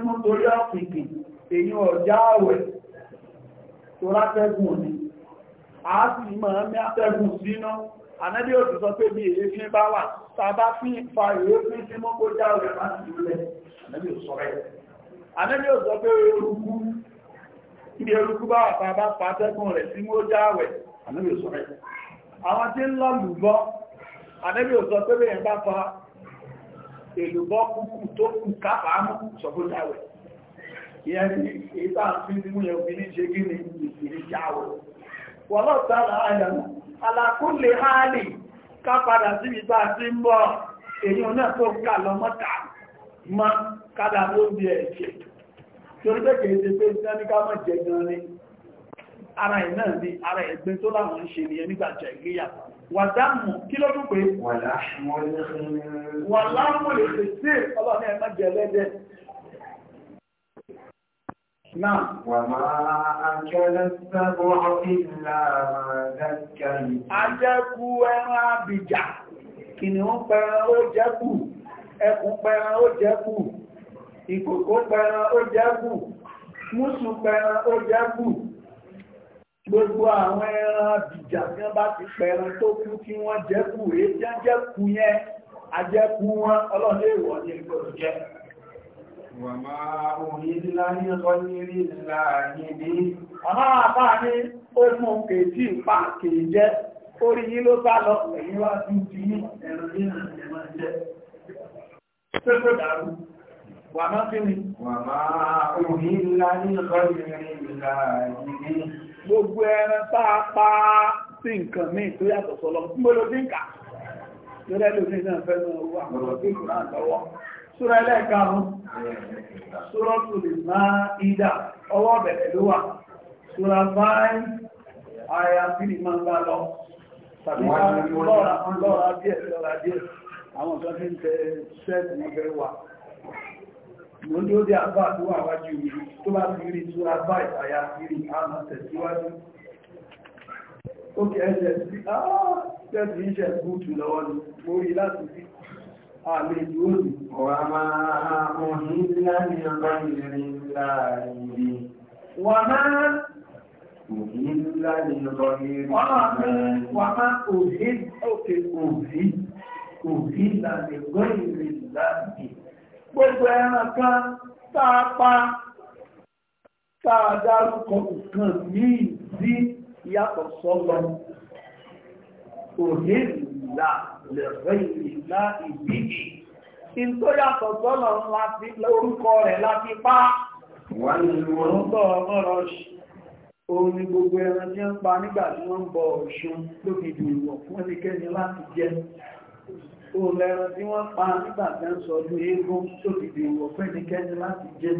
mú torí ọ̀pìnkì èyí ọ̀já àwẹ̀ tó látẹ́gùn ni a sì máa ní atẹ́gùn sínú ànẹ́bí òtù sọ pé bí èéfín bá wà tàbá fín fa èéfín sí mọ́kó jáwẹ̀ láti ilẹ̀ ànábì ò sọ rẹ̀ ànábì ò sọ pé eruku ibi eruku bá wà pa bá pa atẹ́kùn rẹ̀ sí mú ó já àwẹ̀ ànábì ò sọ rẹ̀ àwọn tí ń lọ lùbọ́ ànábì ò sọ pé bẹ́ẹ̀ bá fa èlùbọ́ kúkú tó kù káfàámú sọ fún jáwẹ̀ ìyẹn ni èyí tàà fi ń mú yẹn obìnrin ṣe gíní ìsìnrí jáwẹ̀ wọ́n lọ́ta àyàmù alákúnlé hálì ká padà síbi tàà sí ń bọ́ èyí náà tó kà lọ mọ́ta mọ́ kádà ló ń bí ẹ̀jẹ̀ torí pé kìí ṣe pé ìsináníká mọ̀ jẹ gan ni ara ẹ̀ náà ni ara ẹ̀gbẹ́ tó láwọn ń ṣe nìyẹn nígbà jẹ ìgbéyà wàdámù kí ló tún pé wàlámù lè ṣe sí ọlọ́ni ẹ̀ má jẹ lẹ́dẹ̀ Náà, wà máa àjẹ́lẹ́ sẹ́bọ̀ ìlànà dẹ́kẹ̀lì. Ajẹ́kú ẹran àbìjà, ìkòkò pẹran ó jágù múṣù pẹran ó jágù gbogbo àwọn ẹran àbìjà tí wọ́n bá ti pẹran tó kú kí wọ́n jẹ́kù èyí tí wọ́n jẹ́kù yẹn ajẹ́kù wọn ọlọ́run lè wọ̀ ní ìgbòrò jẹ́ Wàmá òhìdílá ní ọkọ̀ ní rí ìlà níbi. Àmá ní ó ní ẹ̀rọ wà máa kí ni wà máa òhì ńlá ní ìkọlù gbogbo ẹran táa pa sí nǹkan míì tó yàtọ̀ sọ́lọ́ gbogbo dínkà lórí lórí náà fẹ́ náà wà lórí náà lọ́wọ́ súra ẹlẹ́ẹ̀karùn súra tùlì máa àwọn kan tí ń tẹ sẹ́ẹ̀tì wọn fẹ́ wà mo ní ó dé àbá tó wà wájú tó bá ti rí tó àbá ìfàyà sí àmà tẹ̀síwájú ó kẹ́ ẹ̀ṣẹ̀ sí ààbẹ̀sì iṣẹ́ gúútù lọ́wọ́ ni mo rí láti sí àmì ìdúró wà máa òhìn láti ọgbà ìrìn láàrin wà máa òhìn láti ọgbà ìrìn láàrin gbogbo ẹran kan tá a pa tá a dárúkọ nǹkan míì sí yàtọ̀ sọ́lọ òní ìlà lẹ̀rẹ́ ìlà ìbíyì ìtò yàtọ̀ sọ́lọ orúkọ rẹ̀ láti pa wọ́n ní wọ́n tọ́ ọmọ́rọ̀ òun ni gbogbo ẹran tí ń pa nígbà tí wọ́n ń bọ Ọ̀ṣun lóbi ìdìwọ̀ fún ẹnikẹ́ni òlẹ́ran tí wọ́n pa nígbà tẹ́ ń sọ ọdún eégún tó ti dè wọ̀ fún ẹnikẹ́ni láti jẹ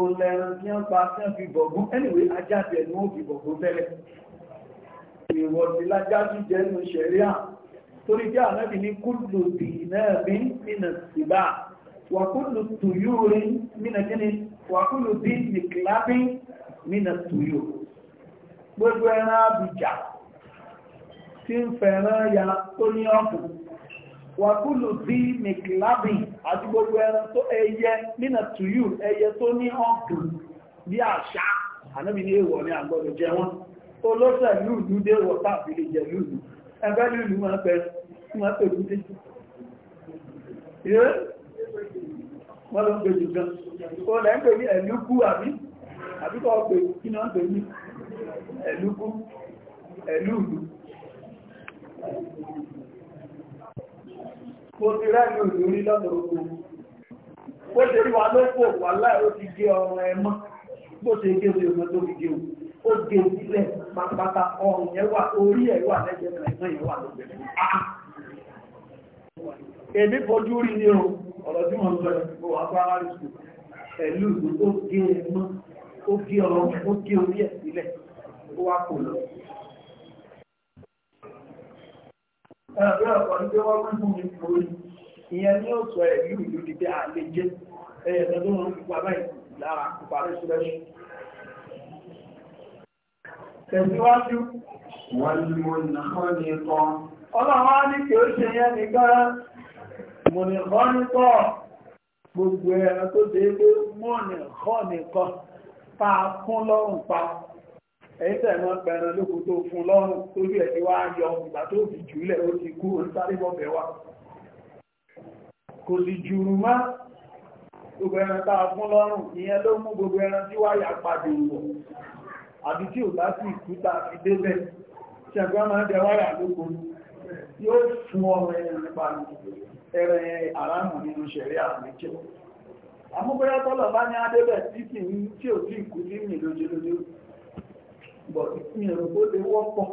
òlẹ́ran tí wọ́n pa tí wọ́n fi bọ̀gún ẹnìwé ajá tẹ̀ ní ó fi bọ̀gún tẹ́lẹ̀ ìwọ̀ sí lájá sí jẹ́ nù ṣẹ̀ríà torí jẹ́ ànábì ní kúlù tì náà bí nínà síbà wà kúlù tùyú rí nínà kíni wà kúlù bí nìkìlábí nínà tùyú gbogbo ẹran abìjà tí ń fẹ̀ràn ya tó ní ọkùnrin wàkúlù bí mclavin àti gbogbo ẹran tó ẹyẹ nínà tuyù ẹyẹ tó ní ọ̀gùn bí àṣà ànábì ní èèwọ̀ ní àgbọ̀dọ̀ jẹ wọn olóṣẹ̀ lùlù dé wọ̀tá àbílẹ̀ jẹ lùlù ẹgbẹ́ lùlù máa pẹ̀ máa pẹ̀ lùdé wọ́n ló ń pè jù lẹ́ ń pè ní ẹ̀lúkú àbí kò ti rẹ́rìn ndọrọ ndọrọ ó ṣe wà lópò wà láì ti gé ọrùn ẹ bó ṣe gé orí ọmọ tó fi gé ó gé sílẹ̀ pàpàtà ọrùn yẹn wà orí ẹ̀ wà lẹ́gbẹ̀ẹ́ ẹ̀gbọ́n yẹn wà lọ́gbẹ̀ẹ́ ẹ̀rọ ọ̀pọ̀ ní pé wọ́n pín fún mi lórí ìyẹn ní ó sọ ẹ̀rí ìlú di pé à lè jẹ́ ẹ̀yẹ̀ tó tó wọn pípa báyìí lára ìparí sílẹ̀ṣù tẹ̀síwájú wọ́n ni mo nàkọ́ ní ikọ́ ọlọ́wọ́ á ní kí ó ṣe yẹn nìkan mo ní kọ́ ní kọ́ gbogbo ẹ̀rọ tó dé pé mo ní kọ́ lọ́rùn pa ẹ̀yìn tẹ̀mọ́ pẹ̀rẹ̀ lóko tó fún lọ́rùn tó rí ẹ̀tí wá yọ ìgbà tó fi jùlẹ̀ ó ti kú ó ń sáré wá kò sì jùrù má gbogbo ẹran tàà a fún lọ́rùn ìyẹn ló mú gbogbo ẹran tí wáyà padà wọ̀ àbí tí ò bá sì kú fi débẹ̀ ṣẹ̀gbọ́n máa ń jẹ wáyà lóko fún ẹran bọ̀ ìpínyàn tó lè wọ́pọ̀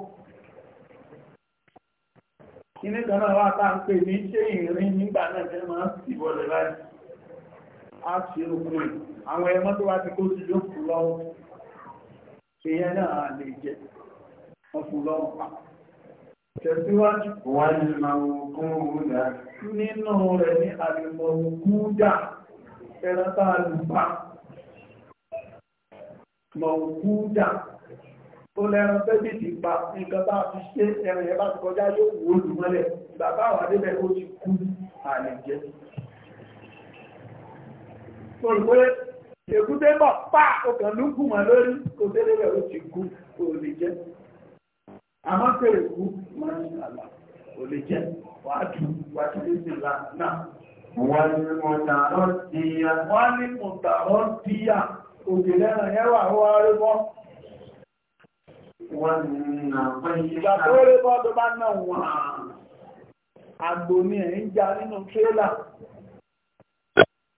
kíní kan náà wá tá ń pè ní ṣé ìrìn nígbà náà jẹ́ máa sì bọ̀lẹ̀ láì á ṣe okun ẹ̀ àwọn ẹmọ́ tó wá ti kó sí ló fún lọ́wọ́ èèyàn náà lè jẹ wọ́n fún lọ́wọ́ pa tẹ̀síwájú wà ní màwòkúndà nínú rẹ̀ ní àlèmọ̀wòkúndà tó lẹ́run tẹ́bí ti pa nǹkan bá fi ṣe ẹ̀rìn ẹ̀bá ti kọjá yóò wó olùmọ́lẹ̀ bàbá àwọn adébẹ̀ ó ti kú àlè jẹ́ olùgbé èkúté bọ̀ pá ọkàn ló kù mọ́ lórí kò tẹ́lẹ̀ rẹ̀ ó ti kú kò lè jẹ́ àmọ́ pé èkú máa ń ṣàlà kò lè jẹ́ wàá dùn wàá ti lè ṣèlà náà. wọ́n ní mọ̀tàrọ́ Ìgbà tó rí bọ́ọ̀dọ̀ bá náà wọ́n àgbò ní ẹ̀ ń já nínú tírélà.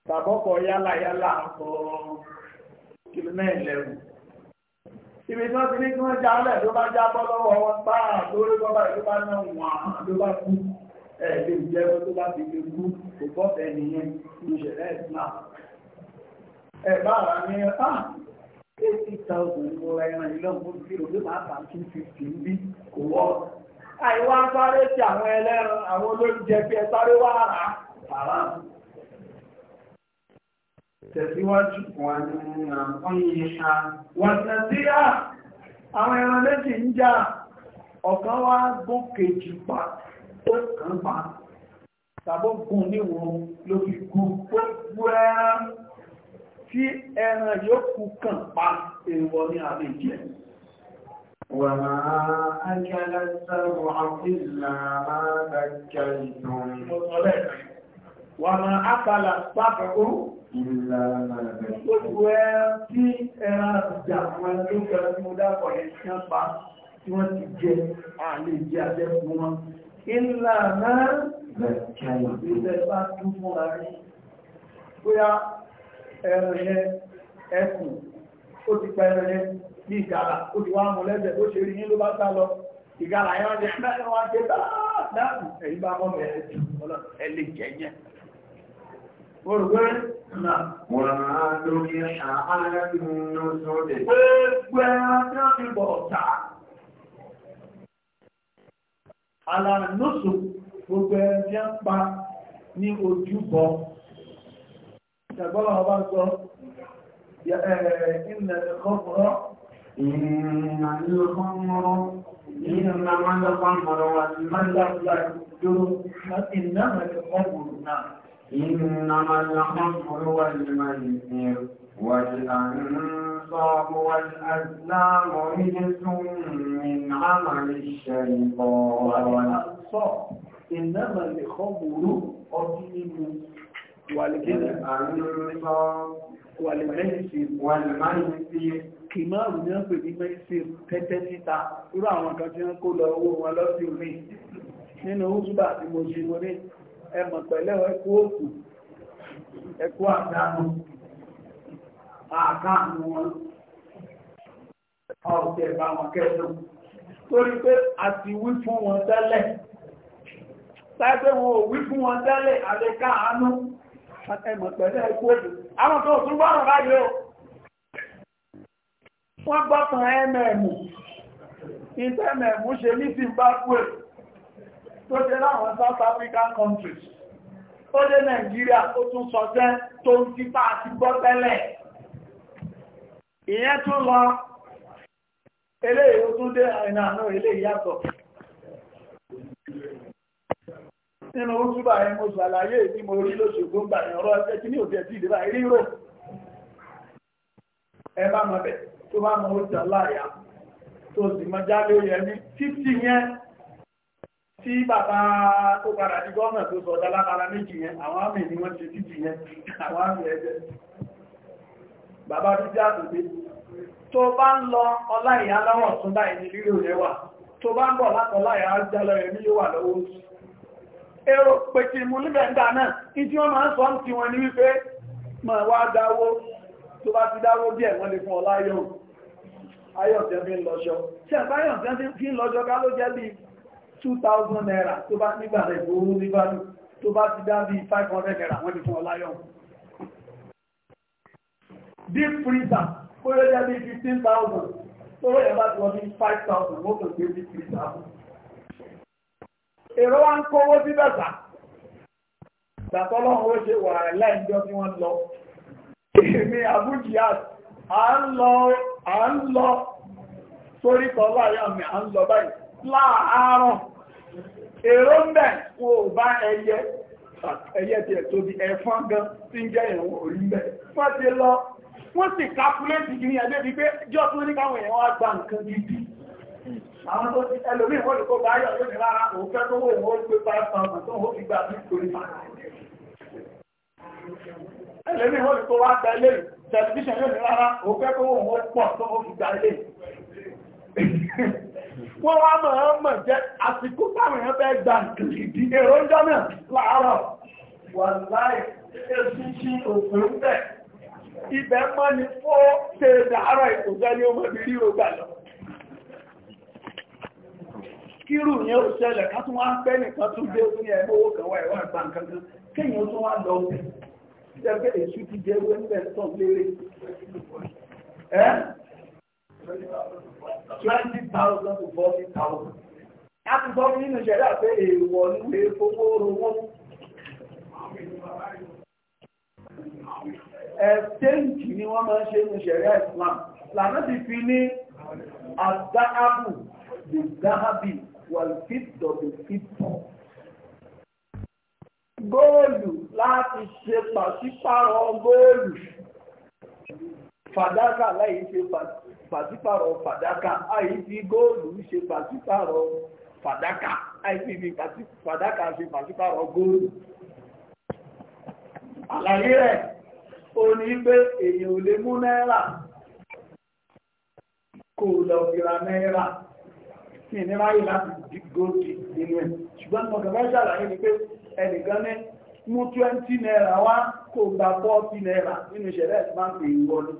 Tàbọ́kọ̀ yálà yálà ọkọ̀ kìlómẹ́ ìlẹ́rù. Ibi tí wọ́n ti ní kí wọ́n já lẹ̀ tó bá já bọ́ lọ́wọ́ wọn bá tó rí bọ́ọ̀dọ̀ tó bá náà wọ́n tó bá kú. Ẹ lè jẹ́ wọn tó bá fi lè kú kò bọ́ọ̀fẹ́ nìyẹn ní ìṣẹ̀lẹ̀ ìsìláà. Ẹ bá ara ní ẹ eighty thousand mo ra ẹran yìí lọ́wọ́ sí òde máa bá two fifty ń bí kò wọ́. àìwá ń sáré sí àwọn ẹlẹ́ran àwọn olóúnjẹ bí ẹ sáré wá rà á. bàbá tẹ̀síwájú wọn ni àwọn yìí ha wọ́n ti sí à àwọn ẹran méjì ń jà ọ̀kan wá gún kejì pa ó kàn pa tàbó gún níwọ̀n ló fi gún gbogbo ẹran tí ẹran yóò kú kàn pa èèwọ̀ ní àbí jẹ́ wà máa ájẹ́lẹ́ sẹ́rọ̀ àfíìlà máa dájẹ́ ìtàn ìmọ̀tọ́lẹ̀ wà máa ápàlà pápẹ̀kú Gbogbo ẹran tí ẹran ìjà wọn ló kẹrẹ tí mo dápọ̀ ní ṣánpa Ìlà náà bẹ̀rẹ̀ kẹrẹ bá tún fún ara rí. Bóyá ẹran ẹkùn ó ti pa ẹran ní ìgàlà ó ti wá mú lẹ́sẹ̀ ó ṣe rí ló bá sá lọ ìgàlà yẹn wọ́n ti ẹ̀mẹ́rin wọ́n ti bá dáàbò ẹ̀yìn eji mọ́ mẹ́rin jù ọlọ́ ẹ na mụrụ yẹn. Gbogbo a tí wọ́n ti bọ̀ ọ̀tá. Àlànà lóṣù gbogbo pa ní اعتبرها بعض يا آه، ان الخمر ان الخمر انما من الخمر ومن لم يجر انما الخمر انما الخمر والميسر والانصاب والازلام رجس من عمل الشيطان والاقصى انما الخمر ارجو wàlìmẹ́sì kìmáàrù ní ọ̀pẹ̀ ní mẹ́sì tẹ́tẹ́ títa rú àwọn kan tí wọ́n kó lọ owó wọn lọ́sí omi nínú òṣùgbà tí mo ṣe mo ní ẹmọ̀ pẹ̀lẹ́ ẹkú òkú ẹkú àdánù àkáànù wọn ọ̀tẹ̀ bá wọn kẹ́sùn torí pé a ti wí ẹmọ̀ pẹ̀lú ẹkú òdù àwọn tó tún gbọ́rọ̀ báyìí o wọ́n gbọ́tàn ẹmẹ̀mù ìtẹ́mẹ̀mù ṣe ní Zimbabwe tó ṣe láwọn South African countries ó dé Nàìjíríà tó tún sọtẹ́ tó ń tipa àti gbọ́ tẹ́lẹ̀ ìyẹn tún lọ eléyìí ó tún dé àìnà àná eléyìí yàtọ̀ nínú oṣùbà ẹ mo ṣàlàyé tí mo rí lóṣogbo gbà ìrọ̀ ẹgbẹ́ tí ní òfin ẹ̀tì ìdíbà ríro ẹ bá mọ̀ bẹ̀ tó bá mọ̀ tó sì mọ jálé oyè ní títí yẹn tí bàbá tó padà di gọ́ọ̀nà tó sọ ọ̀dá méjì yẹn àwọn ni wọ́n títí yẹn àwọn àmì ẹgbẹ́ bàbá tó jẹ́ àtúndé tó bá ń lọ lọ́wọ́ báyìí ní rírò rẹ wà tó bá ń bọ̀ látọ̀ láyà á jálọ ẹ̀mí yóò èrò pẹ̀tì mú níbẹ̀ ń dà náà ìdí wọ́n máa ń sọ ti wọn ní wípé ma wá dáwó tó bá ti dáwó bí ẹ̀wọ́n lè fún ọlá ayọ̀ ayọ̀tẹ́ fi ń lọ́ṣọ́ tí ẹ̀fà ayọ̀tẹ́ fi ń lọ́ṣọ́ ká ló jẹ́ bí 2000 naira tó bá nígbà rẹ̀ gbóòrú ní bálù tó bá ti dá bí 500 naira wọ́n lè fún ọlá ayọ̀ deep freezer kó ló jẹ́ bí 15000 tó rẹ̀ bá ti wọ́n bí 5000 mọ́tò gbé bí 3000 èrò wa ń kówó sí bẹ̀sà ìgbàtọ́lọ́wọ́ ṣe wà láìjọ tí wọ́n lọ èmi àbújá à ń lọ à ń lọ sórí kọlá àyà mi à ń lọ báyìí láàárọ̀ èrò ń bẹ̀ wọn ò bá ẹyẹ ẹyẹ tiẹ̀ tóbi ẹ̀fọn gan tí ń jẹ́ ìrùn orí ń bẹ̀ wọ́n ti lọ wọ́n sì kápúlẹ́tì kìíní ẹgbẹ́ bíi pé jọ́ tó ní káwọn èèyàn wá gba nǹkan gidi àwọn tó ti ẹlòmí ìwọ́n kó bá yọ̀ lónìí lára òun fẹ́ tó wò wọ́n gbé bá san ọ̀nà tó wọ́n fi gbà ní torí máa. ẹlòmí ìwọ́n kó wá gba ilé tẹlifíṣàn lónìí lára òun fẹ́ tó wò wọ́n pọ̀ tó wọ́n fi gbà ilé. wọ́n wá mọ̀ ọ́n mọ̀ jẹ́ àsìkò táwọn èèyàn fẹ́ gba ìdí èrò ń jọ náà láàárọ̀ wàláì eṣinṣin òfin bẹ̀ ibẹ̀ mọ́ ni fó ṣe dàárọ̀ ìkòjẹ́ kírù nye ò ṣẹlẹ̀ ká tún wá ń pẹ́ nìkan tún ní ẹgbẹ́ owó kan wá ìwà ìgbà nǹkan kan kéèyàn tún wá lọ èṣù ti jẹ́ ewé ńbẹ̀ tán lérè ẹ́ twenty to forty thousand a nínú ìṣẹ̀lẹ̀ àpé èèwọ̀ nílé ẹ̀ẹ́dẹ́ǹkì ni wọ́n máa ń ṣe nínú ìṣẹ̀lẹ̀ Islam lànà ti fi ní àdáàbù wàlùfíìdọ̀dù fìtọ̀. Góòlù láti ṣe pàṣípàrọ̀ góòlù. Fàdákà láì ṣe pàṣípàrọ̀ fàdákà. Àyí fi góòlù ṣe pàṣípàrọ̀ fàdákà. Àyí fi fi fàdákà ṣe pàṣípàrọ̀ góòlù. Àlàyé rẹ̀, ó ní pé èèyàn ò lè mú náírà. Kò lọ gbìra náírà ní ìníráyè láti gòdì nínú ẹ̀ ṣùgbọ́n mo kẹfẹ́ ṣàlàyé ni pé ẹnìkan ní mú 20 naira wá kò gba 40 naira nínú ìṣẹ̀lẹ̀ tí máa ń pè ìwọlú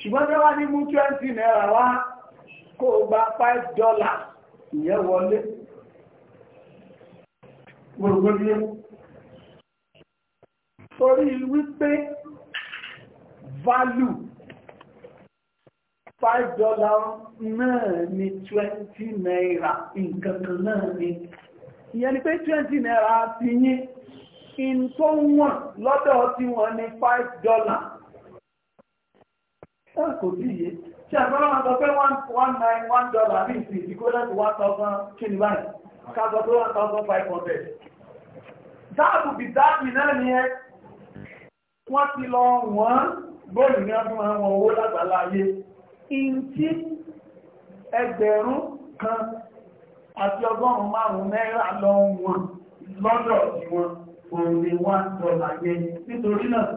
ṣùgbọ́n tí wá ní mú 20 naira wá kò gba 5 dollars ìyẹn wọlé torí wípé value five dollar náà ni twenty naira nǹkan kan náà ni ìyẹn ni pé twenty naira ti yín in tó wọ̀n lọ́dọ̀ tí wọ́n ní five dollar ẹ̀ kò sí iye ṣe àgbọ́nà wọn sọ pé one nine one dollar ní ìsìn ìdíkólẹ́tì one thousand kìnnì báyìí ká sọ pé one thousand five hundred dáàbò bí dáàbì náà ni ẹ wọ́n ti lọ wọ́n bóòlù ní ọdún àwọn owó lágbàlá ìntí ẹgbẹ̀rún kan àti ọgọ́rùn-ún márùn-ún náírà lọ wọn lọ́dọ̀ tí wọn kò lè wọ́n dọ́là yẹ nítorí náà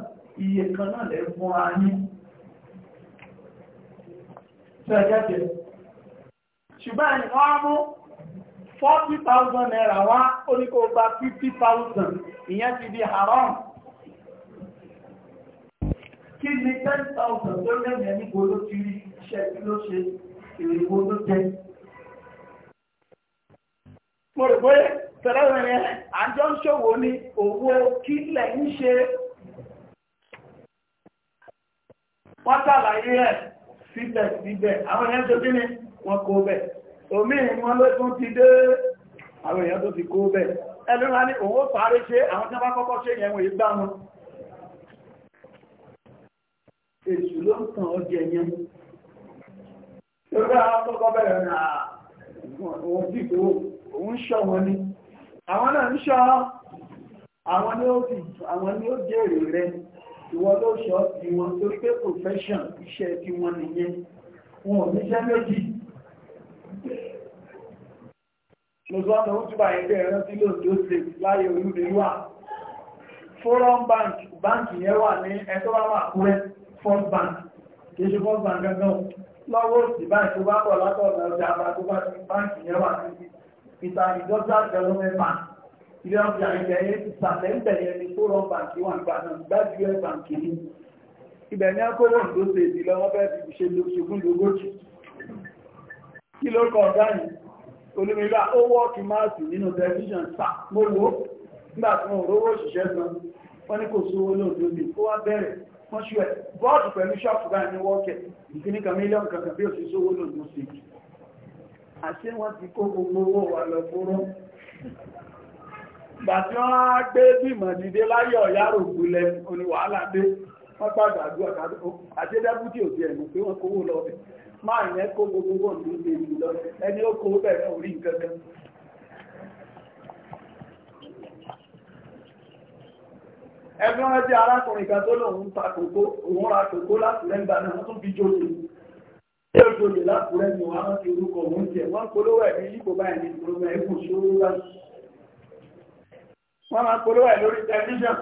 iye kan náà lẹ fún ayé ṣẹ́jẹ́jẹ́ ṣùgbọ́n ẹ̀yìn wọ́n mú 40,000 naira wá ó ní kó gba 50,000 ìyẹn ti di haram kí ni 10,000 tó lẹ́yìn ẹni kò ló ti rí iṣẹ́ kí ló ṣe ìrìnwó ló jẹ́. mo rò pé tọ́lọ́run yẹn àjọ ń ṣòwò ní owó kílẹ̀ ń ṣe wọ́n ṣàlàyé ẹ̀ síbẹ̀ síbẹ̀ àwọn èèyàn tó kí ni wọ́n kó bẹ̀ omi ìwọ́n ló tún ti dé àwọn èèyàn tó ti kó bẹ̀ ẹlúra ní òun ó parí ṣe àwọn tí wọ́n bá kọ́kọ́ ṣe yẹn wọ́n ìgbà wọn èṣù ló ń tàn ọjẹ́ yẹn Lórí àwọn tó na wọn náà ń ṣọ́ àwọn ni ó fi àwọn ni ó jèrè rẹ̀ ìwọ ló ṣọ́ ti wọn torí pé profession iṣẹ́ tí wọ́n Wọn ò níṣẹ́ méjì. Lọ́sọ́nà ó túbà ẹgbẹ́ ẹ̀rọ sí Forum Bank, wà ní ẹ̀tọ́ Bank, kìí First Bank lọ́wọ́ òsì báyìí tó bá bọ̀ látọ̀ọ̀dọ̀ ọjà àbá tó bá ti báńkì yẹn wà níbi ìta ìdọ́jà development bank ilé ọjà ilẹ̀ yẹn ti sàlẹ̀ ń bẹ̀yẹ ni tó rọ bàǹkì wà nígbà náà gbájú ẹ̀ bàǹkì ni ibẹ̀ ní akọ́wọ́ ìdó ṣe èdè lọ́wọ́ bẹ́ẹ̀ fi ṣe ṣogún lógójì kí ló kọ̀ ọ̀gá yìí olómìnira ó wọ́ọ̀kì máàsì nínú tẹlifíṣàn sà mo wò nígbà tí wọn rówó òṣìṣẹ́ san wọn ní kò sówó lóòótọ́ wọ́n ṣe bọ́ọ̀dù pẹ̀lú ṣọ́ọ̀fù báyìí ní wọ́ọ̀kẹ̀ ìkíní kankan bí òṣìṣẹ́ owo ló mú sí àṣé ti kó gbogbo owó wà lọ fóró gbà tí wọ́n á gbé bímọ̀ dìde láyé ọ̀yá rògbòlẹ̀ oní wàhálà dé wọ́n gbàgbà ẹgbẹ́ wọn jẹ́ arákùnrin kan tó lòun ta kòkó òun ra kòkó láti rẹ́ńgbà náà wọ́n tún fi jòlè ṣé o jòlè láti rẹ́ńgbà wọn á ti orúkọ òun jẹ wọ́n polówó ẹ̀mí yípo báyìí ní ìgbòho ẹ̀kún ṣòro láti. wọ́n máa polówó ẹ̀ lórí tẹlifíṣàn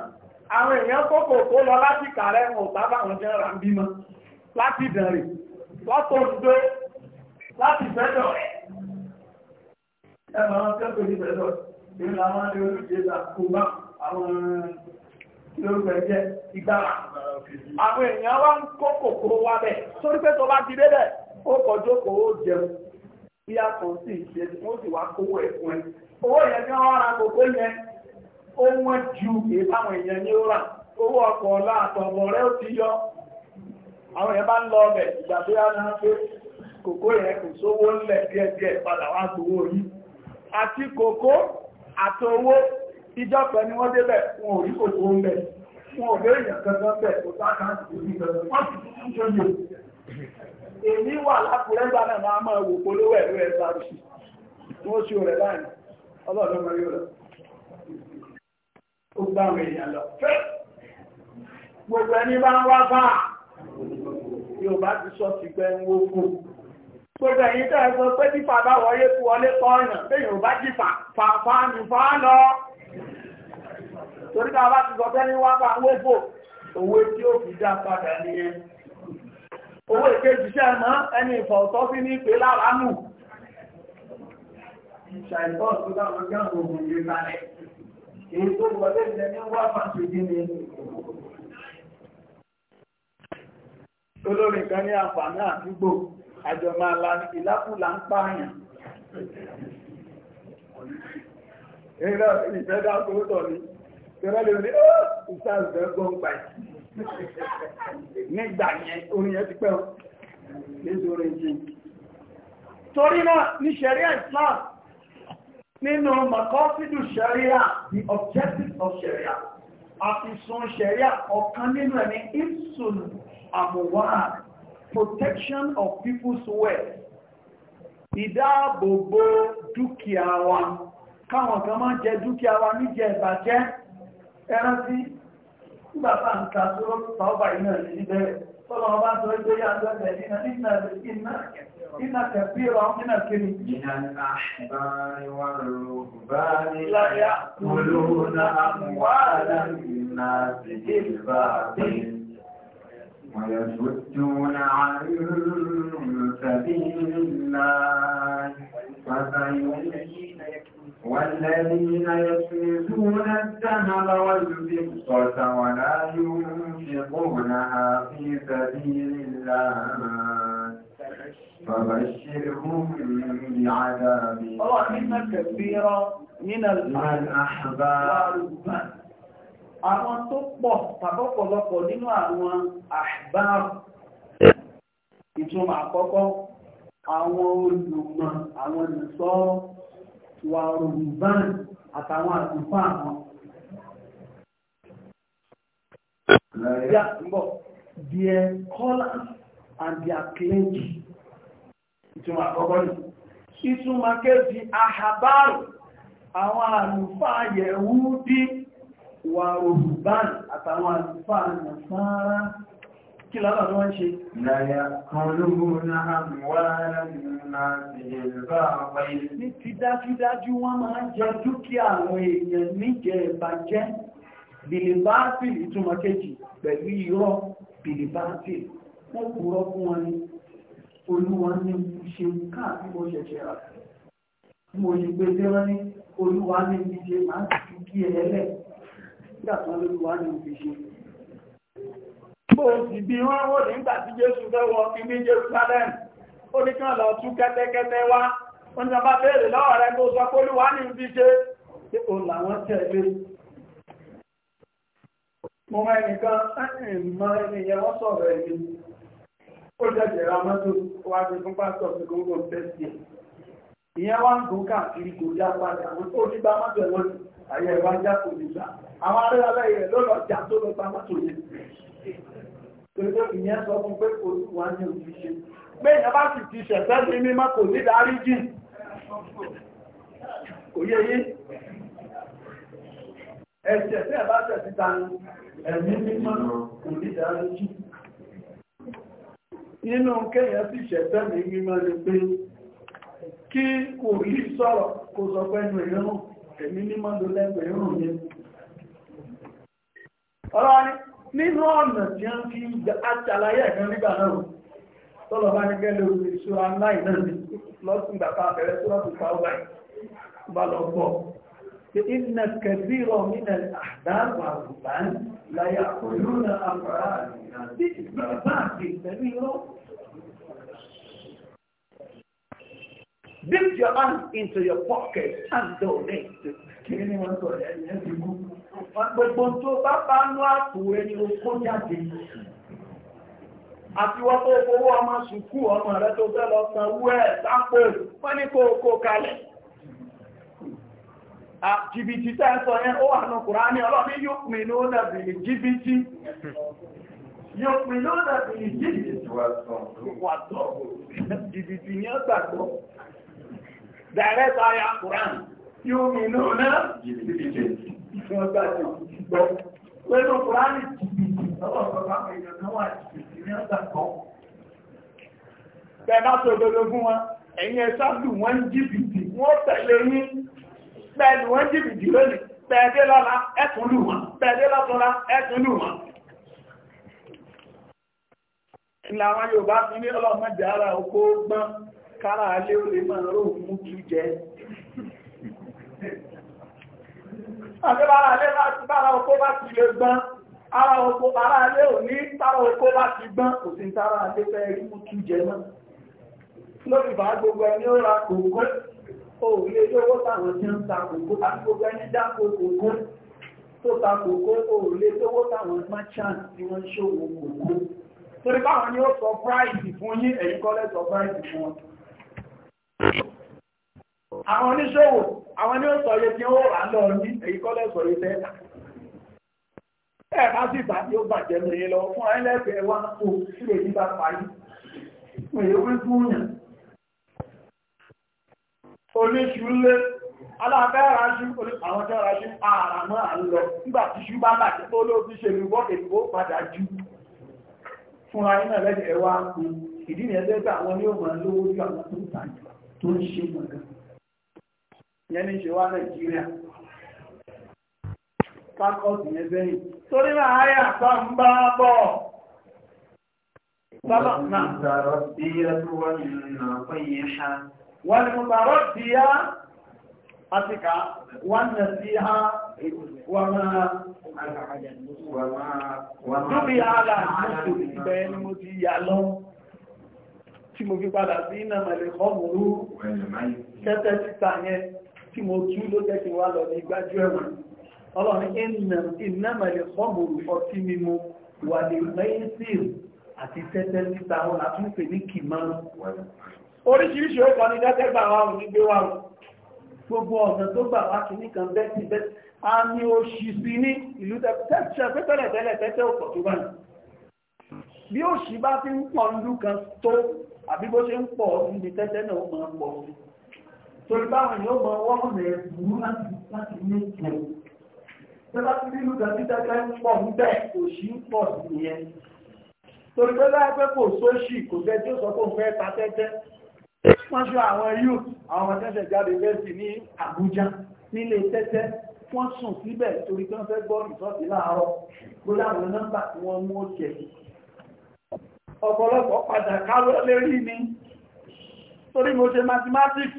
àwọn èèyàn kó kòkó lọ láti kàrẹ́ wọn ò sábà wọn jẹ́ ra ń bímọ láti dànrè lọ́tọ̀ òdúdó láti fẹ́dọ̀ rẹ̀. ẹ Àwọn èèyàn wá ń kó kòkó wa bẹ̀ sórí pé tó bá ti débẹ̀ ó kọjú kò ó jẹun. Bíyà kan sì ṣe wọ́n sì wá kówó ẹ̀fún ẹ. Owó yẹn ra kòkó yẹn ó ju èèyàn ní ó rà. Owó ọkọ̀ ọ̀la ó ti yọ. Àwọn èèyàn bá ń lọ ìgbà tó yá pé kòkó yẹn kò sówó padà wá ìjọpẹ̀ ni wọ́n débẹ̀ wọn ò rí kò tó ń bẹ̀ wọn ò bẹ̀rẹ̀ èèyàn kankan bẹ̀ kò sáàkà ìbí kankan wọ́n sì tún tó yẹ èmi wà lákùrẹ́gbà náà máa máa wò polówó ẹ̀rọ ẹ̀ sáré sí wọ́n ṣe rẹ̀ láì ọlọ́dún mọ́ yóò lọ ó gbá àwọn èèyàn lọ fẹ́ gbogbo ẹni bá ń wá bá yóò bá ti sọ ti gbẹ ń wó fún gbogbo ẹ̀yin tẹ́ ẹ sọ pé fífà bá wọlé fún wọlé kọ́ ọ̀yàn bẹ́ẹ̀ yóò bá jìfà fàfà nìfà lọ torí ká bá ti sọ pé ní wọ́n bá wé bò owó tí ó fi dá padà nìyẹn owó ìkejì iṣẹ́ mọ́ ẹni ìfọ̀ọ̀tọ́ sí ní ìpè lára nù ṣàìbọ̀ tó dáwọn gán ògùn yìí lálẹ́ èyí tó wọlé ìjẹ́ ní wọ́n bá ṣe dín ní olórin kan ní àǹfààní àdúgbò àjọ máa la ìlákùlà ń pààyàn Èrò ìfẹ́ tó tọ̀ ní. Ìjọba lè rí ó ìsáàzẹ̀ gbọ́ngbà ẹ̀. Nígbà yẹn, orin yẹn ti pẹ́ o, léṣe jí. Torí náà, ní Ṣẹ̀ríà Islam, nínú Makọ́sídù Ṣẹ̀ríà, the objective of Ṣẹ̀ríà, àfisùn Ṣẹ̀ríà ọ̀kan nínú ẹ̀ ní Ìsùn Àmúwáàd, protection of people's wealth, ìdáàbòbò dúkìá wa, káwọn kan máa jẹ dúkìá wa níjẹ ìbàjẹ́. ẹran tí nígbà tá ń ta tó tọ́ọ̀bà iná lè ní bẹ̀rẹ̀ tọ́lọ ọba tó ẹgbẹ́ yà ń lọ́gbẹ̀ iná iná iná iná kẹfì rọ iná kiri. iná àṣìbáyé wà lóògùn bá ní láyà olóòrùn àmúwàlá iná sí ìlbà bẹ́ẹ̀. ويصدون عن سبيل الله فسيحيي والذين يكنزون الذهب والفقصة ولا ينفقونها في سبيل الله فبشرهم بعذاب رحمة كثيرة من الأحباب àwọn tó pọ̀ pàpọ̀pọ̀lọpọ̀ nínú àwọn àṣbáà ìtumọ̀ àkọ́kọ́ àwọn olùmọ̀ àwọn ìsọ́ọ̀ wà rògbòbán àtàwọn àtúnfà àwọn their colors and their cleansing ìtumọ̀ àkọ́kọ́ ni ìtumọ̀ kejì àhàbárù àwọn àlùfáà yẹ̀wú dí wà rògbòbán àtàwọn àlùfáà nàfàárá kí lára ní wọ́n ṣe láyá kan lóòrùn náà wà ní ti dájúdájú wọ́n máa jẹ dúkìá àwọn èèyàn níjẹ ìbàjẹ́ bilibáàtì ìtumọ̀ kejì pẹ̀lú irọ́ bilibáàtì wọ́n kúrọ́ fún wọn ni olúwa ní ṣe káàkiri mo ṣẹ̀ṣẹ̀ rà mo ṣe gbé dé ní olúwa ní ṣe máa dúkìá ẹlẹ́ Mo sì bí wọ́n wò nígbà tí Jésù fẹ́ wọ kí ní Jerusalem. Ó ní kán lọ tú kẹ́tẹ́kẹ́tẹ́ wá. Ó ní ọba béèrè lọ́wọ́ rẹ̀ kó sọ pé olúwa ní ibi ṣe. Ṣé òun làwọn tẹ̀lé? Mo mọ ẹnìkan, ẹ̀yìn mọ ẹnìyẹn wọ́n sọ̀rọ̀ ẹ̀yìn. Ó jẹ́jẹ̀ ra wá sí fún pásítọ̀ sí gbogbo tẹ́sí ẹ̀. Ìyẹn wá ń gùn káàkiri kò já padà. Ó ní bá mọ́tò ẹ̀wọ́n ayẹ̀wá já kò nígbà. Àwọn arẹ́lẹ́yẹ ló lọ tó lọ pa yẹn torípé ìyẹn sọ fún pé kò sí wà ní òṣìṣẹ́ pé ìyẹn bá sì ti ṣẹ̀fẹ́ sí mímọ́ kò ní dárí jì kò yé yé ẹ̀ṣẹ̀ tí ẹ̀ bá ṣẹ̀ sí ta ẹ̀mí mímọ́ kò ní dárí jì nínú kéèyàn sì ṣẹ̀fẹ́ mi mímọ́ ni pé kí kò rí sọ̀rọ̀ kò sọ pé ìrún ẹ̀mí mímọ́ ló lẹ́gbẹ̀ẹ́ ìrún yẹn ọlọ́rin nínú ọ̀nà tí a ń fi àti àlàyé ẹ̀kan nígbà náà tọ́lọ̀ bá ní kẹ́lẹ̀ orí ṣó aláì náà ní lọ́sùn gbàtà àbẹ̀rẹ̀ Dip your hand into your pocket and donate kiri ni wọ́n sọ ẹni ẹ ti kú gbogbo tó bá bá ń lọ àpò ẹni okó jáde àti wọ́n tó owó ọmọ sùkú ọmọ rẹ tó fẹ́ lọ san owó ẹ̀ sápò wọ́n ní kó kó kalẹ̀ jìbìtì tẹ́ sọ yẹn ó wà ní Kùránì ọlọ́ni yóò pin ní ó dàbí jìbìtì yóò ní ó dàbí jìbìtì yóò mi náà náà jìbìtì wọ́n gbà tó gbọ́ pẹ̀lú kùránì jìbìtì lọ́wọ́ sọ́kà èèyàn náà wà jìbìtì ní ọ̀sà kan. bẹ́ẹ̀ bá tó dodo fún wọn ẹ̀yin ẹ̀ sábì wọ́n ń jìbìtì wọ́n tẹ̀lé yín pẹ̀lú wọ́n jìbìtì lónìí pẹ̀lú lọ́la ẹ̀tún lù wọ́n pẹ̀lú lọ́tọ́lá ẹ̀tún lù wọ́n ìlàwọn Yorùbá fi ní àti bára alẹ́ bá oko ara oko ò ní tára oko bá ti gbọ́n kò sí tára alẹ́ fẹ́ rí mú tún jẹ náà lórí bá gbogbo ẹni ó ra kòkó ó lè lówó táwọn tí ń ta kòkó àti gbogbo ẹni dáko kòkó tó ta kòkó ó lè lówó táwọn merchant tí wọ́n ń àwọn oníṣòwò àwọn ní ó sọ iye tí ó rà lọ ní èyí kọ́lẹ̀ sọ iye tẹ́ ẹ̀ bá sì bá tí ó bàjẹ́ lóye lọ fún ayẹ́lẹ́fẹ̀ẹ́ wá kó sílè yí bá parí fún èyí wí fún yàn oníṣúlé alábẹ́raṣú àwọn tí ọ̀raṣú àràmọ́ à ń lọ nígbà tí ṣú bá bàjẹ́ tó ló fi ṣe lúwọ́ èkó padà jù fún ayínà lẹ́jẹ̀ ẹwà ìdí ni ẹgbẹ́gbẹ́ àwọn ní ò máa lówó bí àwọn tó ń ṣe mọ̀gán yẹn ní ṣe wá nàìjíríà kákọ́ọ̀tù yẹn sẹ́yìn torí náà àyà bá ń bá bọ̀ sábà náà wọ́n ni mo bàrọ̀ bí yá àtìkà wọ́n nà sí ha wọ́n máa tóbi àlà àti ìbẹ̀ ni mo ti yà lọ tí mo fi padà sí ìnàmàlẹ̀ ọmọrú kẹ́tẹ́ títà yẹn tí mo tú ló jẹ́ kí wá lọ ní gbájú ẹ̀wọ̀n ọlọ́run ìnàmàlẹ̀ fọ́mùrù ọtí mímu wà lè mẹ́yìn àti tẹ́tẹ́ níta wọn àtúnṣe ní kìmánu oríṣiríṣi ó kọ ní dẹ́tẹ́gbà wa ò ní gbé wa ò gbogbo ọ̀nà tó gbà wá kì ní kan bẹ́ẹ̀sì bẹ́ẹ̀sì a ní ó ṣì sí ní ìlú tẹ́tẹ́lẹ̀ tẹ́tẹ́ ọ̀pọ̀ tó bá ní bí ó ṣì bá ti ń pọ̀ ń lú kan tó torí báwọn yóò mọ ọwọ́ ọ̀nà ẹ̀bùrú láti ní ìpò tẹ́lá ti rí lùdà tí tẹ́tẹ́ ń pọ̀ ń bẹ̀ kò sí ń pọ̀ sí yẹn torí pé láìpẹ́ kò sóṣì kò tẹ́ tí ó sọ pé òun fẹ́ ta tẹ́tẹ́ wọ́n ṣọ àwọn yóò àwọn ọmọ tẹ́tẹ́ jáde lẹ́sìn ní Àbújá nílé tẹ́tẹ́ wọ́n sùn síbẹ̀ torí pé wọ́n fẹ́ gbọ́ ìtọ́sí láàárọ̀ lórí àwọn nọ́mbà tí wọ́n mú òkè ọ̀pọ̀lọpọ̀ padà káwọ́ lérí ni torí mo ṣe mathematics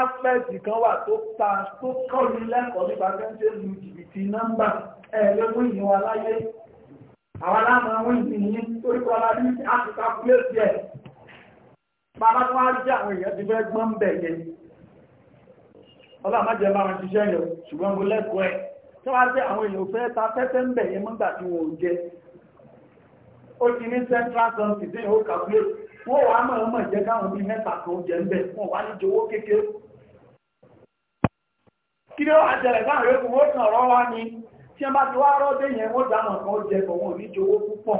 aspect kan wà tó ta tó kọ́ni lẹ́kọ̀ọ́ nípa tẹ́ńtẹ́ lu jìbìtì nọ́mbà ẹ̀ẹ́dẹ́gbọ́n ìyẹn wa láyé àwọn aláàmà àwọn ìsìnyí torí kọ́ la ní àtúntà pílẹ̀sì ẹ̀ bàbá tó wá jẹ́ àwọn èèyàn ti fẹ́ gbọ́n bẹ̀ yẹn ọlọ́mọ jẹ́ máa ṣiṣẹ́ yẹn ṣùgbọ́n mo lẹ́kọ̀ọ́ ẹ̀ tó wá jẹ́ àwọn èèyàn fẹ́ ta tẹ́tẹ́ ń bẹ̀ yẹn mọ́gbà tí wọ́n jẹ́ ó ti ní central sunday tí ó kàwé wọ́n wà mọ̀ ọmọ ìjẹ́ káwọn bíi mẹ́ta kan jẹ́ ń bẹ̀ wọ́n wà ní jowó kékeré kí ló wà jẹ́rẹ̀ láàrin yóò kún ó tàn rọ́ wá ní tí wọ́n bá ti wá rọ́ dé yẹn wọ́n dámọ̀ kan ó jẹ kọ̀wọ́n ò ní jowó púpọ̀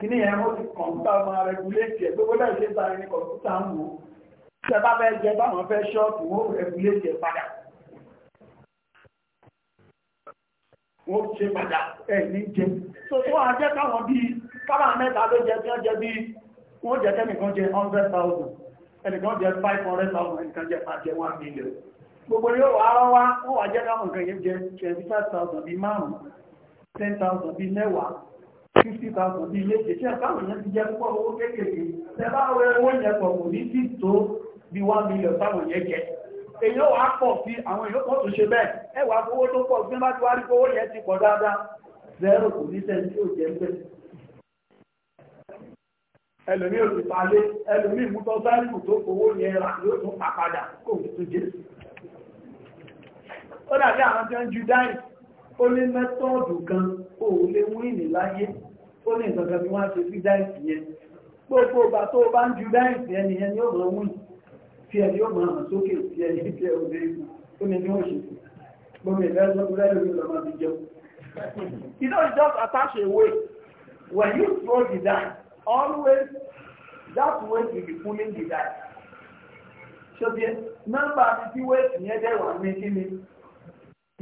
kí ní yẹn wọ́n ti kọ̀ǹpútà ọmọ rẹ̀gúlétì ẹ̀ gbogbo náà ṣe ń sáré ní kọ̀ǹpútà ń wò tí ẹ bá fẹ́ jẹ báwọn fẹ́ ṣọ́ọ̀tù wọ́n rẹ̀gúlétì ẹ̀ padà wọ́n ṣe padà ẹ̀ ní jẹ tó tó wà jẹ́ káwọn bíi káwọn ló jẹ tí wọ́n jẹ bíi wọ́n jẹ tẹ́nìkan jẹ 100,000 ẹnìkan jẹ 500,000 nǹkan jẹ máa jẹ 1 million gbogbo yóò wá rán wá wọ́n wá jẹ́ káwọn nǹkan yẹn jẹ 25,000 bí márùn 10,000 bí mẹ́wàá 50,000 bí méje tí àtàwọn yẹn ti jẹ púpọ̀ owó kéékèèké tẹ́bá owó yẹn pọ̀ kò ní sí tó bí 1 million táwọn yẹn jẹ èyí ó wá pọ̀ sí àwọn èyí ó pọ̀ tó ṣe bẹ́ẹ̀ ẹwà owó tó pọ̀ sí bá ti wá rí owó yẹn ti pọ̀ dáadáa zero kò ní sẹ́ni tí ó jẹ bẹ́ẹ̀ ẹlòmí òsì palé ìmútọ́ sáìkù tó fowó yẹn rà yóò tún pàpadà kò tó jésù ó dàbí àwọn tí ó ń ju dáì ó lé mẹ́tọ́ọ̀dù kan ó lé wíìnì láyé ó ní ìtọ̀kan bí wọ́n ṣe sí yẹn gbogbo ọba tó bá ń ju dáìsì ẹni yẹn ni ó mọ̀ wùn tí ẹni ó mọ̀ sókè tí ẹni tí ẹ òde ìlú ó ní ní òṣèlú gbogbo ìfẹ́ sọ pé lọ́mọ ti jẹun. you know just attach a when you throw the die always that way will be pulling the guy ṣọ́bí ẹ nọ́mbà tí weight yẹn dẹ̀ wà ní kíni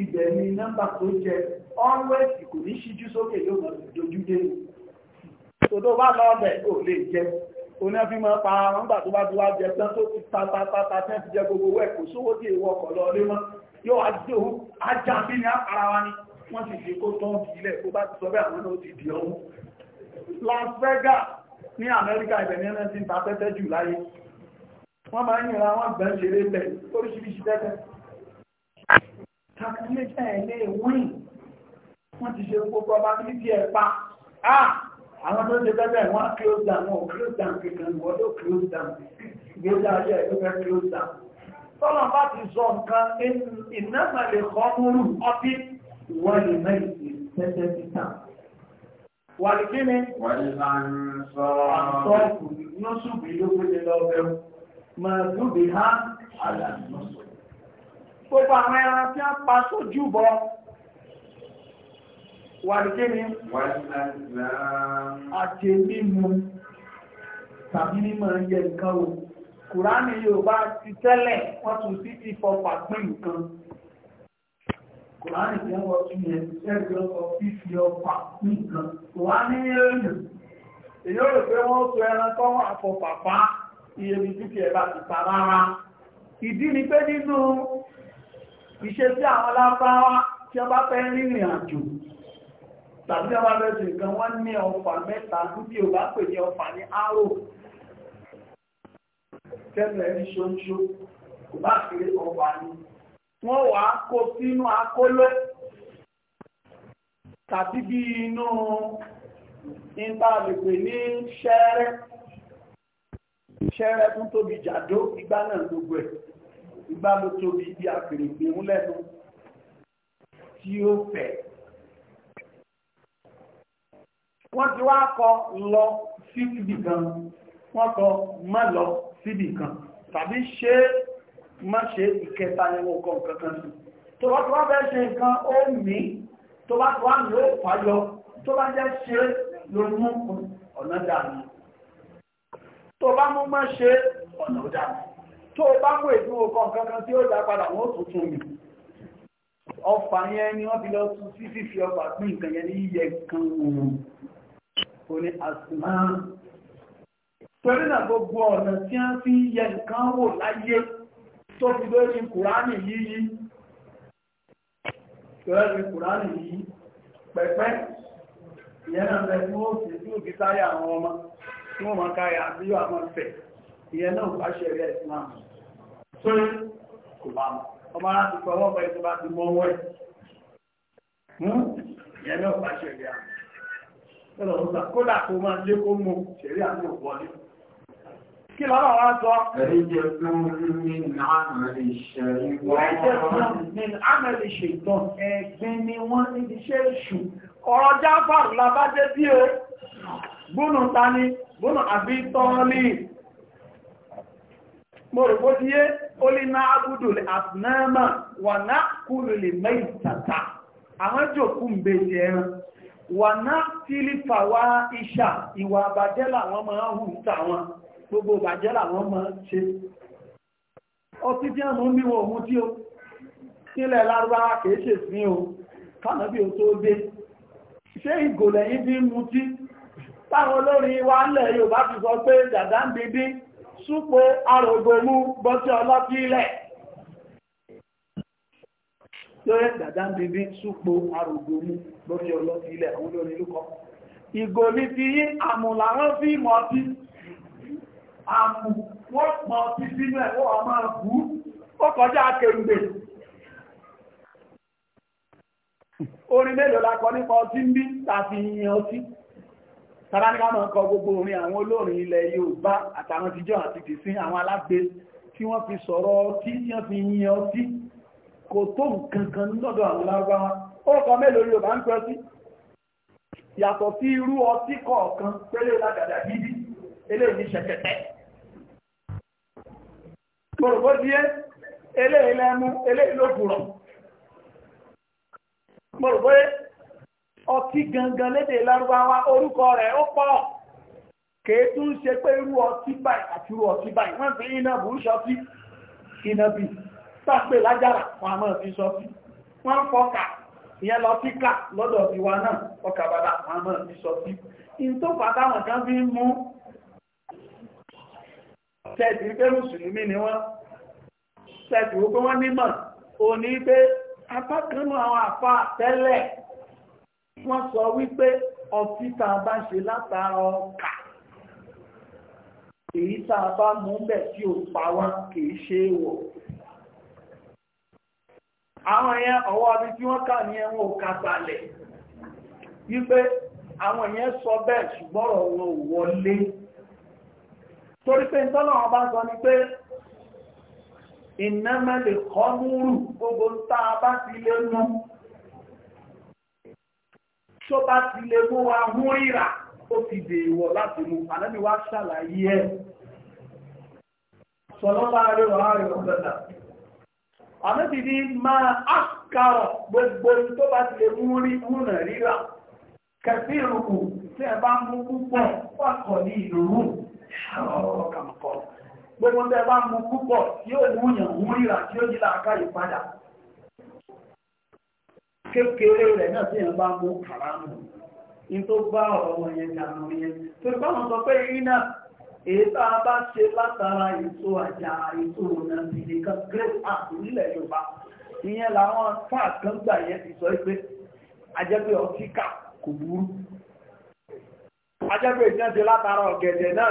ibẹ̀ ni number tó jẹ always kò ní ṣíjú sókè yóò mọ̀ dojú dé so tó bá lọ bẹ̀ ó lè jẹ onífín máa pa nọ́mbà tó bá tó wá jẹ tán tó ti ta ta ta ta tẹ́ ti jẹ gbogbo ẹ̀ kò sówó tí èèwọ̀ ọkọ̀ lọ lé mọ́ yóò wá dé òun ajá bí ní ara wa ni wọ́n sì fi kó tán ìbílẹ̀ tó bá ti sọ bẹ́ẹ̀ àwọn náà ti di ọ̀hún Las Vegas ní Amẹ́ríkà ibẹ̀ ní ẹ̀rẹ́ ti ń ta tẹ́tẹ́ jù láyé wọ́n máa ń yìnra wọ́n gbẹ̀ẹ́ ṣeré bẹ̀ oríṣiríṣi tẹ́tẹ́ kàkílẹ́tà ẹ̀lẹ́ wíìn wọ́n ti ṣe gbogbo ọba ní ti ẹ̀ pa àwọn tó ṣe tẹ́tẹ́ wọ́n close down wọn close down kankan wọ́n tó close down ìgbésẹ̀ ayé ẹ̀ close down tọ́lọ̀ bá ti sọ nǹkan ìnáfàlẹ̀ kọ́ múrù ọtí wọ́n lè mẹ́ wàlìkíní àtọ́kù lọ́sùbì lókòjẹ́ lọ́bẹ̀rún máa lóbi ha àlànàṣọ́ gbogbo àwọn ẹran tí a pa sójú bọ wàlìkíní àti mímu tàbí mímọ̀ yẹ nǹkan o kùránì Yorùbá ti tẹ́lẹ̀ wọ́n tún sí ìfọpàgbé nǹkan Kùránì kí wọ́n kí ẹ ṣẹ́gbẹ́ ọkọ̀ fífi ọpa nìkan. Kùránì èèyàn. Èyí ó rò pé wọ́n sọ ẹran tó wà fọ pàpá iye bí dúkìá bá ti pa rárá. Ìdí ni pé nínú iṣẹ́ tí àwọn lábáwá tí wọ́n bá fẹ́ rìnrìn àjò tàbí ọba lẹ́sìn nǹkan wọ́n ní ọfà mẹ́ta níbi ò bá pè ní ọfà ní arò tẹ́lẹ̀ ní ṣoṣo kò bá kéré ọfà ní wọ́n wà á kó sínú akóló tàbí bí inú ìntàlèpè ní ṣẹ́rẹ́ ṣẹ́rẹ́ tún tóbi jàdó igbá náà gbogbo ẹ̀ igbá ló tóbi bí àpèrèpè ń lẹ́nu tí ó fẹ̀ wọ́n ti wá kọ lọ síbì kan wọ́n kọ má lọ síbì kan tàbí ṣe é má ṣe ìkẹta ni wọ́n kọ nǹkan kan sí tó bá tó wá fẹ́ ṣe nǹkan ó mí tó bá tó wá ní ó fàyọ tó bá jẹ́ ṣe ló mú ọ̀nà dànù tó bá mú má ṣe ọ̀nà dànù tó bá mú ètò nǹkan kankan tí ó dá padà wọ́n tuntun mi ọfà yẹn ni wọ́n fi lọ tún sí fífi ọfà pín nǹkan yẹn ní yíyẹ kan òun ó ní àsìmá torí náà gbogbo ọ̀nà tí wọ́n fi yẹ nǹkan wò láyé tó fi lórí kùránì yíyí lórí kùránì yíyí pẹ̀pẹ́ ìyẹn náà fún òsì tí ó fi táyà àwọn ọmọ tí wọ́n máa káyà bí wà máa fẹ̀ ìyẹn náà bá ṣẹlẹ̀ tó kò bá mọ̀ ọmọ láti sọ bá ti mọ́ wọ́n kí lọ́rọ̀ wá sọ ẹ̀ẹ́jẹ̀kún min amali ṣẹ̀tọ́ ẹ̀gbẹ́ ni wọ́n níbi ṣe èṣù ọ̀rọ̀ jáfàrù lábájẹ́ bí o gbónù tani gbónù àbí tọ́ọ̀lì mọ̀rọ̀gbó tí yé ó lè ná agbúdò lè àtìnáàmà wà ná kúrò lè mẹ́yìn tàtà àwọn jòkú mbèjì ẹran wà ná tílífà wá ìṣà ìwà àbàjẹ́ làwọn máa hù tàwọn gbogbo ìbàjẹ́ làwọn mọ́ ṣe ọtí tí ẹnu ní wọn òun tí ó sílẹ̀ lárúbáwá kìí ṣe sí o kánàbí o tó dé ṣé ìgò lẹ́yìn bí mú tí táwọn olórin wa ń lẹ̀ Yorùbá ti sọ pé dàdá ń bíbí súpò arògbòmú bọ́tí ọlọ́tí ilẹ̀ lórí dàdá ń bíbí súpò arògbòmú bọ́tí ọlọ́tí ilẹ̀ àwọn olórin lúkọ ìgò ní ti àmù wọ́n mọ̀ títí mẹ́ wọ́n máa bú ó kọjá kèrùgbè orin mélòó la kọ nípa ọtí ń bí tàbí yìnyìn ọtí tàbí ní ká máa kọ gbogbo orin àwọn olórin ilẹ̀ Yorùbá àtàwọn tíjọ́ àti tìsín àwọn alágbé tí wọ́n fi sọ̀rọ̀ ọtí tí wọ́n fi yìnyìn ọtí kò tó nǹkan kan lọ́dọ̀ àwọn lárúbáwá ó kọ mélòó Yorùbá ń pẹ́ sí yàtọ̀ sí irú ọtí kọ̀ọ̀kan pẹ́lẹ́ lágàdà bíbí eléyìí ṣẹ̀kẹ̀tẹ̀ gbogbo díẹ̀ eléyìí lẹ́mú eléyìí ló ọtí gangan lédè lárúbáwá orúkọ rẹ̀ ó pọ̀ kèé pé irú ọtí báyìí àti irú ọtí báyìí wọ́n fi iná iná lájára wọn fi sọ wọ́n ìyẹn lọ sí lọ́dọ̀ tiwa náà fi tẹ́ẹ̀tì pé mùsùlùmí ni wọ́n tẹ́ẹ̀tì wípé wọ́n nímọ̀ ò ní pé apá kan nínú àwọn àfa tẹ́lẹ̀ wọ́n sọ wípé ọtí tá a bá ṣe látara ọkà èyí tá a bá mú bẹ̀ tí ò pa wọ́n kì í ṣe é wọ̀ àwọn yẹn ọwọ́ abí tí wọ́n kà ní ẹ̀wọ̀n ò kàtàlẹ̀ wípé àwọn yẹn sọ bẹ́ẹ̀ ṣùgbọ́n ọ̀rọ̀ wọn ò wọlé torí pé tọ́nà ọba sọ ni pé ìnáma lè kọ́ múrù gbogbo tá a bá ti lè mú tó bá ti lè mú wa mú ìrà ó ti dèèwọ̀ láti mú ànábì wá ṣàlàyé ẹ̀ sọlọ́lá rẹ̀ wà rẹ̀ ọ̀gbẹ̀dà ànábì ní máa ákàrọ̀ gbogbo tó bá ti lè mú rí múnà rírà kẹfí ìrùkù tí ẹ bá mú púpọ̀ pàkọ̀ ní ìrùkù Gbogbo ń bẹ́ bá mú púpọ̀ tí ó múyàn mú ríra tí ó jílá aká ìpadà. Kékeré rẹ̀ náà tí èèyàn bá mú àrámù. In tó bá ọ̀rọ̀ wọn yẹn jànà yẹn. Torí bá wọn sọ pé iná èébá bá ṣe látara ètò àjà ètò ọ̀nà ìdíkan great art nílẹ̀ Yorùbá. Ìyẹn làwọn fáà kan náà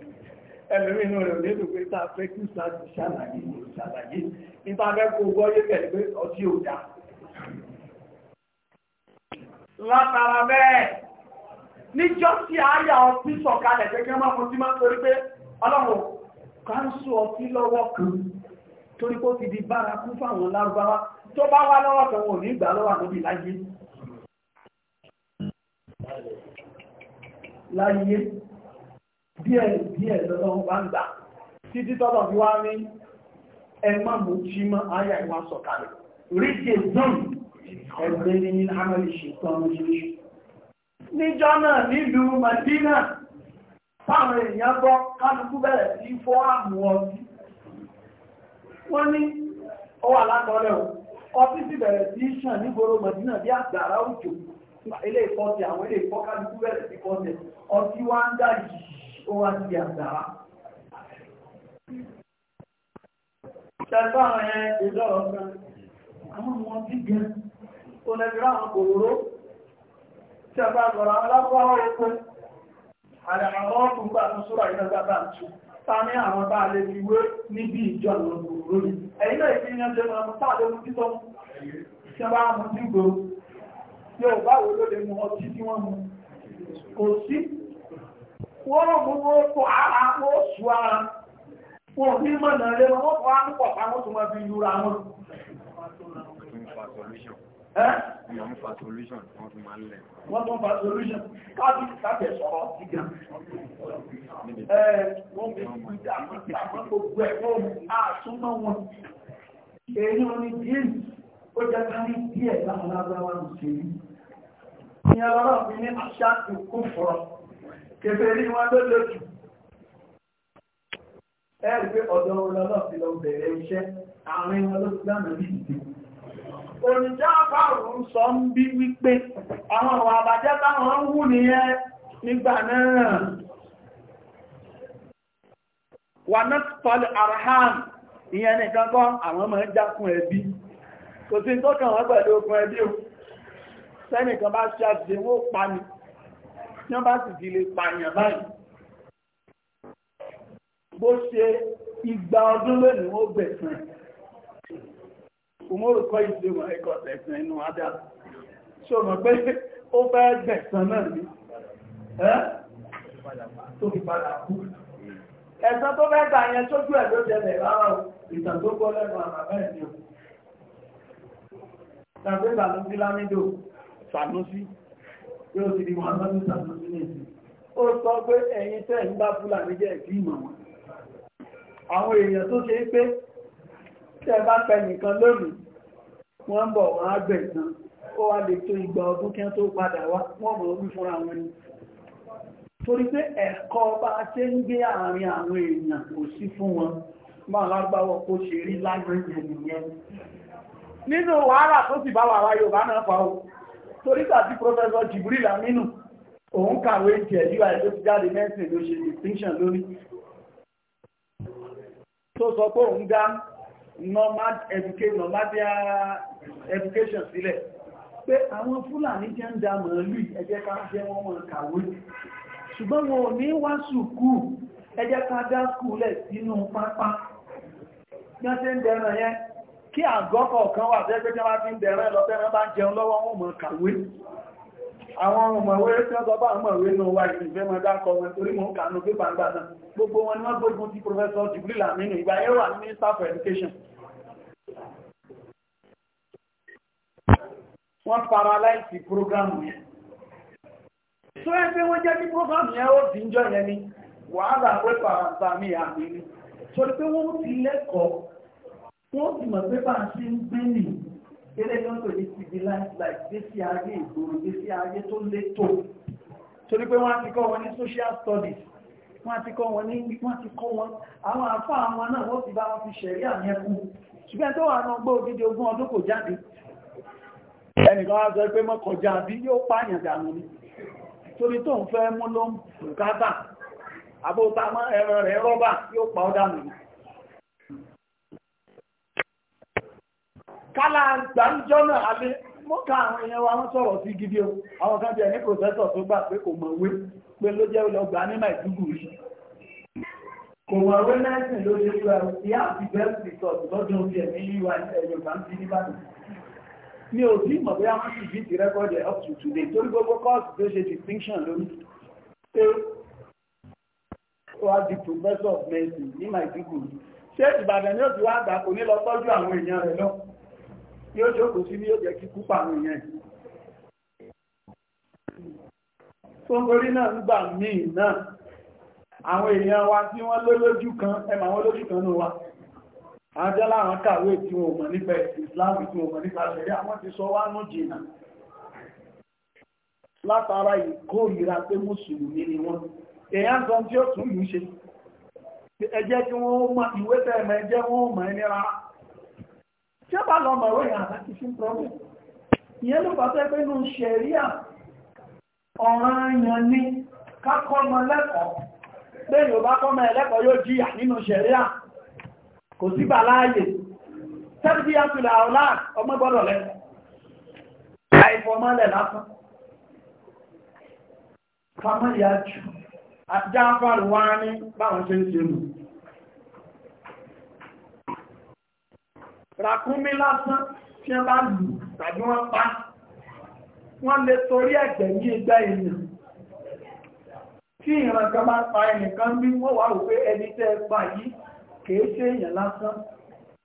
ẹlòmí inú rẹ̀ lè dùgbé tá a fẹ́ kí ìsáàtì ṣàlàyé ìlú ṣàlàyé nípa akẹ́kọ̀ọ́ gbọ́ yé pẹ̀lú pé ọtí ò dá. látara bẹ́ẹ̀ níjọ́ tí àyà ọtí sọ̀kalẹ̀ gẹ́gẹ́ máa mo ti máa ń torí pé ọlọ́run káńsù ọtí lọ́wọ́ kan torí pé ó ti di bárakú fáwọn lárúbáwá tó bá wá lọ́wọ́ kan wọn ò ní ìgbà lọ́wọ́ àtọ́bí láyé. láyé díẹ̀ díẹ̀ lọ́lọ́run bá ń gbà títí tọ́lọ̀ bí wá ní ẹmọ́ mú jí mọ́ ayà ìwà sọ̀kalẹ̀ ríṣẹ́ zọ́n ẹgbẹ́ ní amẹ́lì ṣetán oríṣiríṣi níjọ́ náà nílùú Madina èèyàn bẹ̀rẹ̀ sí fọ́ àmú wọ́n ní ó wà bẹ̀rẹ̀ sí ṣàn nígboro Madina bí àgbàrá òjò ilé àwọn ilé bẹ̀rẹ̀ sí ọtí wá ó wá sí àgbàrá. Ṣẹ̀fà ẹ̀ ìdọ́rọ̀ kan, àwọn ọmọ gíga, ó lẹ́gbẹ̀rẹ̀ àwọn kòrò, ṣẹ̀fà gọ̀rọ̀ alápáwọ̀ oko, àdàmàwọ̀ ọkùn gbà ní ṣúra ìdọ́gbàbà tù, ta ní àwọn bá lè fi wé níbi ìjọ àwọn kòrò rí. Ẹ̀yìn náà ìfi ní ọjọ́ máa mú tá lórí títọ́ ṣẹ̀fà mú dígbò, yóò báwo ló lè mú ọtí tí wọ́n mú. Kò sí wọ́n mú wọn kọ ara wọn sùn ara wọn ò ní mọ̀nà rẹ wọn kọ àmúpọ̀ pa wọn tó máa fi fa solution wọ́n fi máa ń lẹ̀. Wọ́n Wọ́n fi gbígbà àwọn ẹ̀kọ́ àtúmọ̀ wọn. Èyí wọn ni díẹ̀ ó jẹ́ ká díẹ̀ láwọn lábẹ́ wọn ṣe rí. Ìyẹn fi ní àṣà ìkó fọ̀rọ̀ kẹfẹ́ ní wọn ló lójú ẹ̀rù pé ọ̀dọ̀ ọlọ́lọ́ ti lọ bẹ̀rẹ̀ iṣẹ́ àárín wọn ló ti dáná bí ìdí òrìjá fáwọn sọ ń bí wípé àwọn ọ̀wọ̀ àbàjẹ́ táwọn ń wù nìyẹn nígbà náà wà náà tọ́lẹ̀ arham ìyẹn nìkan kọ́ àwọn ọmọ jákun ẹbí kò sí tó kàn wọ́n pẹ̀lú okùn ẹbí o sẹ́nìkan bá tí wọ́n bá sì fi lè pààyàn báyìí bó ṣe igba ọdún lónìí ó gbẹ̀sán òmòrò kọ́ ìṣèwọ̀n ẹ̀kọ́ tẹ̀sán inú adá ṣe mọ̀ pé ó fẹ́ gbẹ̀sán náà ní tó fi padà kú ẹ̀sán tó fẹ́ gbà yẹn sójú ẹ̀ ló jẹlẹ̀ rárá o ìtàn tó gbọ́ lẹ́nu àmàbẹ́ ẹ̀ ni o tàbí ìbànújí lámídò yóò ti di wọ́n lọ́dún tàbí sílẹ̀sì ó sọ pé ẹ̀yin tẹ́ ń bá fúlàní jẹ́ ìdí ìmọ̀ wọn àwọn èèyàn tó ṣe pé tẹ́ bá pẹ nìkan lónìí wọ́n ń bọ̀ wọ́n á gbẹ̀ ìtàn ó wá lè tó ìgbà ọdún kí wọ́n tó padà wá wọ́n mọ̀ orí fúnra wọn ni torí pé ẹ̀kọ́ bá ṣe ń gbé àárín àwọn èèyàn kò sí fún wọn máa lágbáwọ̀ kó ṣe rí lágbẹ̀ẹ́ nìyẹn nínú wàhálà tó sì bá wà wá Yorùbá náà pa ó torí tàbí Professor Jibril Aminu òun kàwé jẹ́ ui tó ti jáde mẹ́sìn ló ṣe distinction lórí tó sọ pé òun dá nomad education education sílẹ̀ pé àwọn Fúlàní jẹ́ ń da màálù ẹ jẹ́ ká jẹ́ wọ́n mọ̀ kàwé ṣùgbọ́n wọn ò ní wá sùkúù ẹ jẹ́ ká dá skúlẹ̀ sínú pápá gbọ́n tẹ́ ń dẹ̀ràn yẹn kí àgọ́ kọ̀ọ̀kan wà tẹ́ pé tí wọ́n ti ń bẹ̀rẹ̀ lọ tẹ́rẹ bá jẹun lọ́wọ́ wọn mọ̀ kàwé àwọn ọmọwé tí wọ́n sọpá ọmọwé ní wà ìfẹ́ mọ́ dákọ̀ wọn torí mọ́ kàánú pé pàǹgbà náà gbogbo wọn ni wọ́n gbógun ti Professor Jibril Lamini ìgbà yẹ́ wà ní Minister for Education wọ́n paralyze program yẹn tó ẹ́ pé wọ́n jẹ́ kí program yẹn ó díjọ́ yẹn ni wàhálà pé pàǹgbà mi àmì ni torí pé wọ́n ti lẹ́kọ̀ọ́ wọ́n ti mọ̀ pé bá a ṣe ń gbé nì eré kan tó ní ti di láìpẹ́ gbèsè ayé ìgboro gbèsè ayé tó létò torí pé wọ́n á ti kọ́ wọn ní social studies wọ́n á ti kọ́ wọn ní wọ́n á ti kọ́ wọn àwọn àfa àwọn náà wọ́n ti bá wọn fi ṣẹ̀rí àmì ẹkùn ṣùgbọ́n tó wà náà gbọ́ òdìdí ogún ọdún kò jáde ẹnìkan wá sọ pé mọ́kànjá bí yóò pààyàn dànù ni torí tó ń fẹ́ mú ló ń bùkátà àbótamọ́ ẹran rẹ̀ rọ́bà yóò pa ọ́ dànù ni kálá gbàǹjọ́ náà alẹ́ mọ́ká àwọn èèyàn wa wọ́n sọ̀rọ̀ sí gidi o àwọn kan jẹ́ ní pòfẹ́sọ̀ tó gbà pé kò mọ̀wé pé ló jẹ́ ọgbà ní Maiduguri kò mọ̀wé mẹ́sìn ló ṣe gbà ìyá àti bẹ́ẹ̀sì sọ̀tù lọ́dún orí ẹ̀mí yíwa Yorùbá ń bí nìbàdàn mi ò sí mọ̀ bóyá wọ́n sì bí ti rẹ́kọ́dì up to today torí gbogbo kọ́ọ̀sì tó ṣe distinction lórí pé wá professor of medicine ní Maiduguri ṣé Ìbàdàn ni ó ti wá àgbà kò ní lọ tọ́jú àwọn èèyàn rẹ̀ lọ yóò jókòó sí ní ó jẹ́ kíkú pàánù yẹn tóngorí náà ń gbà míì náà àwọn èèyàn wa tí wọ́n ló lójú kan ẹmà wọn lójú kan náà wa àjọ́ láwọn kàwé tí wọ́n mọ̀ nípa Islam tí wọ́n mọ̀ nípa ṣẹ̀rí àwọn ti sọ wá nù jìnà látara ìkórìíra pé mùsùlùmí ni wọ́n èèyàn sọ tí ó tún lù ṣe ẹjẹ́ kí wọ́n mọ̀ ìwé tẹ́ẹ̀mọ̀ ẹjẹ́ wọ́n mọ̀ ẹni rárá tí ó bá lọ mọ̀ ọ̀rọ̀ ìyàn àti fún problem ìyẹn ló bá fẹ́ pé nù ṣẹ̀ríà ọ̀ràn yàn ni kákọ́ ọmọ lẹ́kọ̀ọ́ lẹ́yìn ọba kọ́mọ ẹlẹ́kọ̀ọ́ yóò jìyà nínú ṣẹ̀ríà kò sí bà láàyè tẹ́bí àtúlà ọ̀lá ọmọ gbọ́dọ̀ lẹ́kọ̀ọ́ ràkúnmí lásán tí wọ́n bá lù tàbí wọ́n pa wọ́n lè torí ẹ̀gbẹ̀mí ẹgbẹ́ èèyàn tí ìran kan bá pa ẹnìkan bí wọ́n wà wípé ẹni tẹ́ pa yìí kìí ṣe èèyàn lásán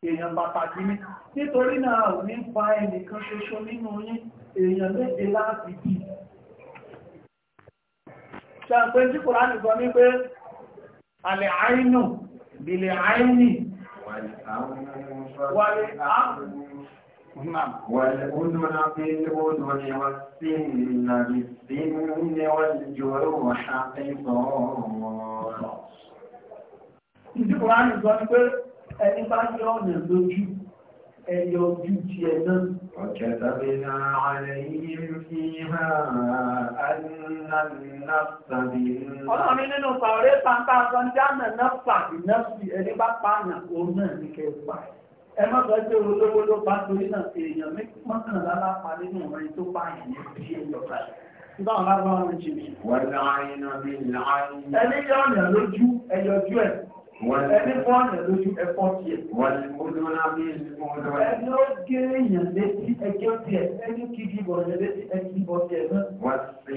èèyàn pàtàkì ní nítorí náà ò ní pa ẹnìkan ṣoṣo nínú yín èèyàn méje láti bí ṣàpẹ́ tí sọ ní pé àlẹ̀ àínù bìlẹ̀ àínì والأذن بالأذن والسن بالسن والجروح قصاص. Ìdíkùnrin àìsàn ni pé ẹni bá yọ ọ̀nà lójú ẹyọ ojú ti ẹ̀nà. Ọ̀kẹtàbíná àlẹ́yìn fi ha annàmìnàfàbí. Ọlọ́run nínú sọ̀rẹ́ pàǹtà sọ ní ànàmìnàfàbí náà fi ẹni bá pààyàn òun náà ní kẹfà. Ẹ má sọ pé olówó ló bá torí náà èèyàn mọ́kànlá lápá nínú ọ̀rẹ́ tó pààyàn ní bí ẹyọ kàlẹ̀. Ìbáwọn lágbára ń jìnnì. Wọ́n láàárín náà bí láàárín. Ẹni yọ̀ọ̀yàn lójú ẹyọjú ẹ̀. Ẹni fọ́nà lójú ẹ̀fọ́ ti ẹ̀. Wọ́n ni mo ló náà bí ìsìnkú ọdọ́ ẹ̀. Ẹni ó gé èèyàn létí ẹjọ́ ti ẹ̀, ẹni kìí bọ̀ ẹ̀ létí ẹkí bọ̀ ti ẹ̀ náà. Wọ́n sí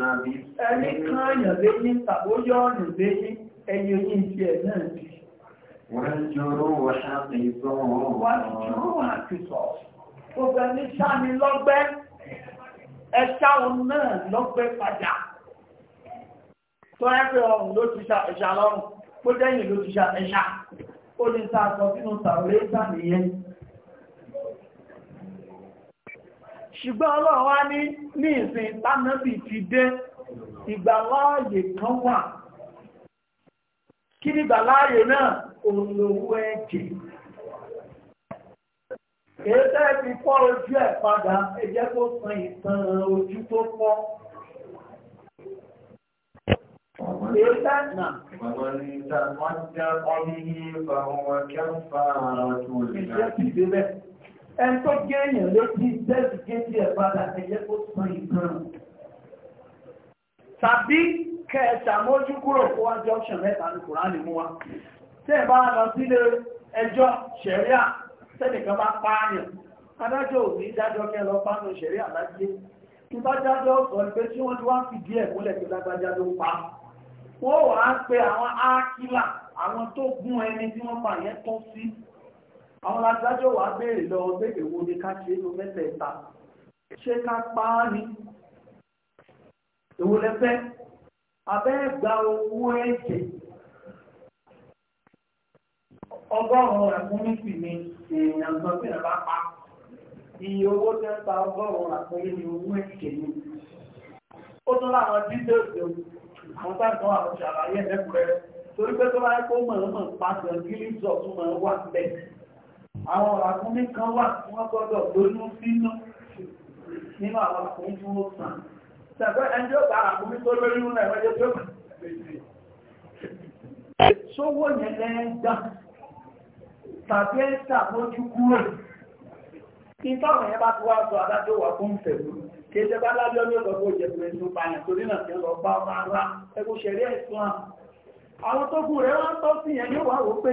náà bí. Ẹni káàyàn léyìn tàbó yọ́ ọ̀nà léyìn ẹni oyin ti ẹ̀ náà bí. Wọ́n jọrọ wọ́n ṣàkíyèsọ́. Wọ́n jọrọ wọ́n ṣàkíyèsọ́. Gbogbo ẹni ṣáà ni lọ́gbẹ́, ẹ ṣáà náà lọ́gbẹ́ padà. Tó ẹ pé dẹ́yìn ló ti ṣá ẹ̀ṣá ó ní ta sọ sínú sàrẹ́ sàmìyẹn ṣùgbọ́n ọlọ́run wá ní ní ìsìn tánàbì ti dé ìgbàláàyè kan wà kí ni ìgbàláàyè náà olówó ẹ̀jẹ̀ èéfẹ́ fi fọ́ ojú ẹ̀ padà ẹjẹ́ kó san ìtàn ojú tó fọ́ èéfẹ́ náà فمن تصدق به فهو كفارة له ẹn tó gẹ́yìn létí tẹ́sì kéjì ẹ̀ padà ẹ̀yẹ́ kó sàn ìkan tàbí kẹta mójú kúrò kó wá jọ ṣẹ̀ mẹ́ta ní kùránì mú wa tẹ́ bá lọ sílé ẹjọ́ ṣẹ̀ríà tẹ́nìkan bá pààyàn adájọ́ ò ní dájọ́ kẹ́ lọ pánú ṣẹ̀ríà lájé ìbájájọ́ sọ pé tí wọ́n ti wá fìdí ẹ̀ múlẹ̀ tó lágbájá ló pa wọ́n wà á pe àwọn ákílà àwọn tó gún ẹni tí wọ́n pa yẹn tọ́ sí àwọn adájọ́ wà á béèrè lọ béèrè wo ni ká ṣe ló mẹ́tẹ̀ẹ̀ta ṣé ká pa á ní èwo lẹ́fẹ́ abẹ́ gba owó ẹ̀jẹ̀ ọgọ́rùn-ún rẹ̀ fún mísì ni èèyàn sọ pé ẹ̀ bá pa iye owó tẹ́ ń ta ọgọ́rùn-ún àpẹẹrẹ ni owó ẹ̀jẹ̀ ni ó tún láwọn dídé òṣèlú àwọn táàkọ́ àwọn ṣàlàyé ẹ̀lẹ́kùnrẹ́rẹ́ torí pé tó láyé kó mọ̀ọ́mọ̀ pàtàkì gílíṣọ̀ tó mọ̀ wà bẹ̀ àwọn ọ̀ràkúnmí kan wà tí wọ́n gbọ́dọ̀ lóyún sínú nínú àwọn ọkùnrin tí wọ́n sàn ṣẹ̀fẹ́ ẹjọ́ bá àkúnmí tó lóyún náà ẹ̀wọ́n jẹ́ tó kàn ṣówó yẹn lẹ́yìn gbà tàbí ẹ̀ta ìtọ́rọ̀ yẹn bá ti wá sọ adájọ́ wà fún ìfẹ̀lú kéèjẹ́ bá lájọ́ ní ọ̀sọ̀gbọ́ ìjẹ̀bẹ̀rẹ̀ tó pààyàn torí náà tí ó lọ bá ọmọ ara ẹgbẹ́ ṣẹ̀rí ẹ̀sùn àwọn tó kù rẹ̀ wá ń tọ́ sí yẹn yóò wá wó pé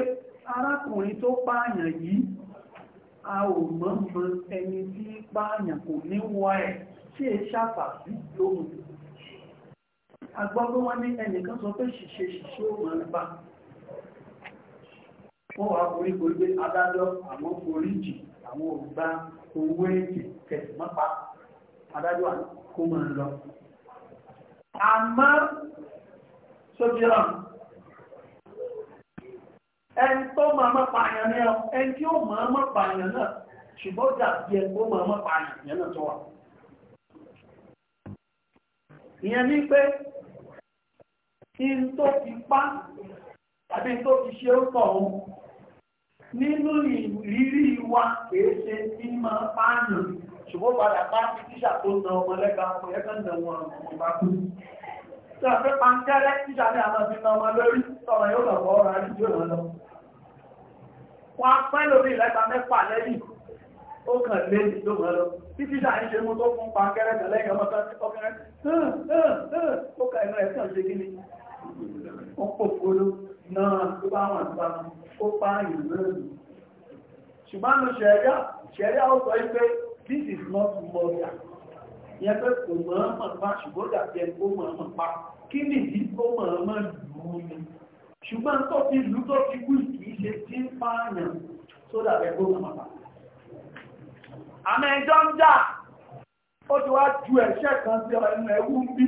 arákùnrin tó pààyàn yìí a ò mọ̀ mọ̀ ẹni tí pààyàn kò ní wọ ẹ̀ tí è e ṣàfà sí lóhùn agbọ́gbọ́ wọn ní ẹnìkan sọ pé ṣìṣe ṣìṣe ò mọ̀ nípa wọ́n wá forí forí pé adájọ́ àmọ́ forí jì àwọn ògbà owó èjì kẹsìmọ́pa adájọ́ kó mọ̀ lọ. àmọ́ sójúràn ẹni tó máa mọ́ pààyàn ní ọ ẹni tí ó máa mọ́ pààyàn náà ṣùgbọ́n dàbí ẹ ó máa mọ́ pààyàn yẹn náà tó wà. ìyẹn ní pé kí n tó fi pa tàbí n tó fi ṣe ó tọ̀ nínú ìrírí wa kìí ṣe tí máa pààyàn ṣùgbọ́n padà bá fi tíṣà tó na ọmọ lẹ́gbà ọmọ ẹgbẹ́ ìdàn wọn ọmọ bá kú tí a fẹ́ pàǹkẹ́lẹ́ tíṣà ní àwọn ti na ọmọ lórí tọ́mọ yóò lọ bọ́ ọ̀rọ̀ àdúgbò wọn lọ wọ́n pẹ́ lórí lẹ́gbà mẹ́fà lẹ́yìn ó kàn lé ìdó wọn lọ tí tíṣà ń ṣe mú tó fún pàǹkẹ́lẹ́ kan lẹ́yìn ọmọ kan ọkùnrin ó kà ẹ̀mọ́ ẹ̀ ó pààyàn lónìí ṣùgbọ́n ní ṣẹ̀ríà ṣẹ̀ríà ó sọ pé this is not murder yẹn pé kò mọ̀ọ́mọ̀ pa ṣùgbọ́n dàbí ẹni ó mọ̀ọ́mọ̀ pa kí nìdí ó mọ̀ọ́mọ̀ lù ú ni ṣùgbọ́n tó fi lù tó fi wù kì í ṣe tí ń pààyàn tó dàbí ẹgbẹ́ mọ̀ọ́mọ̀ pa àmì ẹjọ́ ń jà ó ti wá ju ẹ̀ṣẹ̀ kan sí ẹnu ẹ̀wú ń bí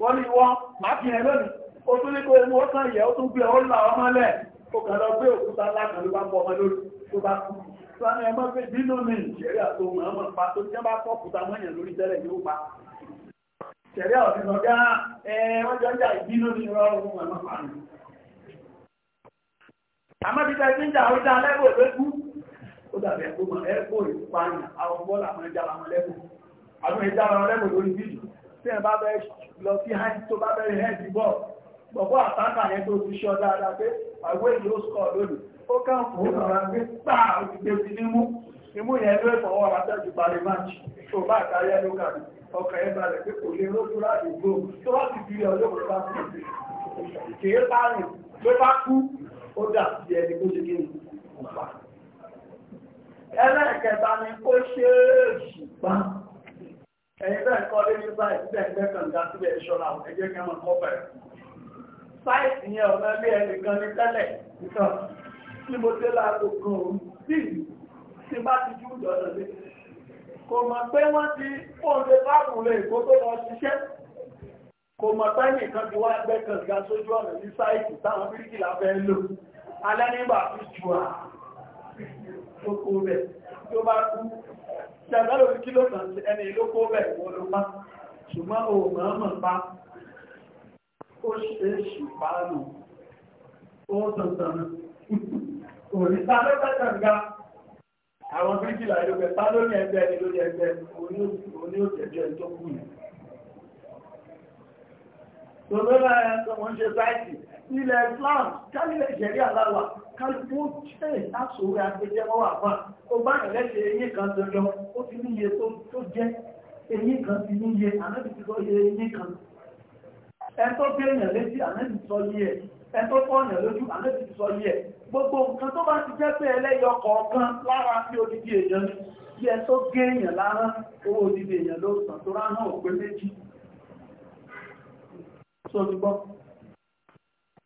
wọ́n ní wọ́n máa fi hàn lónìí ó tún ní kó owó tán ìyẹ́ ó tún gbé ó là ọmọ lẹ́ẹ̀ ó kàrọ pé òkúta láàrín ló bá bọ́ ọmọ lórí tó bá kú sáré ẹmọ́ pé bínú ní ìṣẹ̀rí àtò mọ̀ọ́mọ̀ pa tó jẹ́ bá kọ́ òkúta mọ́yàn lórí tẹ́lẹ̀ yóò pa ṣẹ̀rí ọ̀sìn ọ̀gá ah, ẹ wọ́n jọ ń jà ìbínú ní rọrùn ẹ̀mọ́ pa nù àmọ́bíta ẹgbẹ́ ìjà ó dá lẹ́gbò lẹ́gbù ó dàbẹ̀ ẹ̀kọ́ mọ̀ ẹ̀kọ́ ìpáyàn àwọn bọ́ọ̀lù àwọn ẹja bọ̀bọ̀ àtàkà yẹn tó fi ṣọ́ dáadáa pé àwọ́ èyí ó sọ lónìí ó kàn fún ọ̀rọ̀ gbé pàà òdìgbé ti nímú imú yẹn ló ìfọwọ́ àtẹ́jù parí máàjì tó bá àtàyẹ́ ló kàrí ọkà ẹ balẹ̀ pé kò lè rójú láti gbó tó wá ti fi ọjọ́ kò bá kú kìí bá rìn ló bá kú ó dà sí ẹni bó ṣe kí ni ọ̀pá ẹlẹ́ẹ̀kẹta ni ó ṣe é ṣùgbọ́n ẹ̀yin bẹ́ẹ̀ kọ́ lé ní báyìí bẹ́ẹ̀ bẹ́ẹ̀ kàn dá síbẹ̀ ṣọ́ra ẹ̀jẹ̀ kẹ́mọ̀ kọ́ bẹ̀rẹ̀ sáìtì yẹn ọ̀nà ilé ẹnìkan ní tẹ́lẹ̀ nìkan tí mo dé láàbò kan òun sí ti bá ti jú ìjọ̀nà lé kò mọ̀ pé wọ́n ti oúnjẹ fáàmù lè kó tó lọ ṣiṣẹ́ kò mọ̀ pé nìkan ti wá ẹgbẹ́ kan ga sójú ọ̀nà ní sáìtì táwọn bíríkì lábẹ́ lò alẹ́ nígbà fi jù à oko rẹ̀ tó bá kú ṣàgbọ́n lórí kílò kan ẹni ìlókó bẹ̀ wọ́n ló má ṣùgbọ́n òun mọ̀ pa ó ṣe ṣùpáàlù ó tọ̀tàn òrìta lẹ́gbẹ̀tàǹgá àwọn méjìlá ìlúgbẹ̀ tá lórí ẹgbẹ́ ẹni lórí ẹgbẹ́ oní òjẹ̀jọ́ ẹni tó kú yìí tòlóra ẹ̀sọ̀ wọ́n ṣe sáìtì ilẹ̀ Islam kálílẹ̀ ìṣẹ̀rí àláwà kálífò jẹ́ ìtàṣòwò agbẹjẹ́mọ́wà fún ó bá ìrẹ́ṣẹ́ eyín kan tọ́jọ́ ó ti níye tó jẹ́ eyín kan ti níye ànábìtìkọ́ yẹ eyín kan ẹ̀tọ́ gbẹ̀yàn létí ànẹ́bì sọ yí ẹ̀ ẹ̀tọ́ sọ yí ẹ̀ e. gbogbo nǹkan tó bá ti jẹ́ pé ẹlẹ́yọ kọ̀ọ̀kan lára odidi èèyàn bí lára owó odidi èèyàn ló sàn tó rá náà pé méjì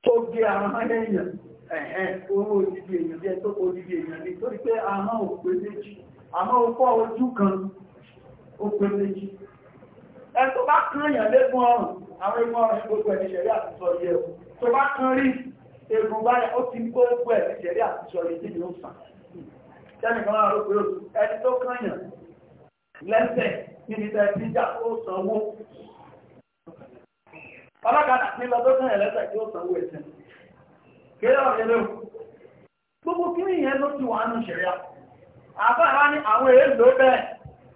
tó gé èèyàn owó odidi èèyàn bí odidi èèyàn torí pé ò pé méjì àmọ́ ó fọ́ ojú kan ó pé àwọn ikọ̀ ọrụ gbogbo ẹ̀ níṣẹ̀rí àtúnṣọ tó bá kan rí egun báyà ó ti gbogbo ẹ̀ níṣẹ̀rí àtúnṣọ yẹ tí ni ó kan oṣù ẹni tó kànyàn níbi ti jà ó sanwó ọlọ́kadà ní lọ tó kànyàn tí ó gbogbo kí ni ìyẹn ló ti wà nù àwọn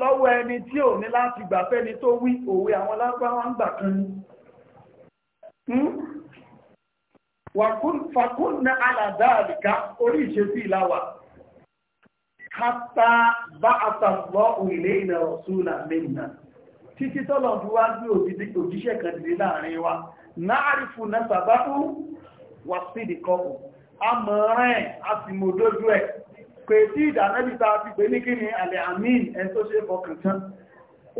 lọ́wọ́ ẹni tí ò ní láti gbà fẹ́ni tó wí òwe àwọn lágbàwọ́ ń gbà kan fàkúnnà hmm? alàdáàlìká orí ìṣesí ìláwà kátà bá àtàlọ́ òlé ìnà ọ̀súnà mẹ́rinà títí tọ́lọ̀ fi wá gbé òjíṣẹ́ kan dìde láàrin wa náàrífù náà sàbáhù wà sídìkọ́ a mọ̀ rẹ̀ a sì mọ̀ dójú ẹ̀ pé tí ìdánẹ́bí ta fi pé ní kí ni alẹ́ amin ẹni tó ṣe fọkàn tán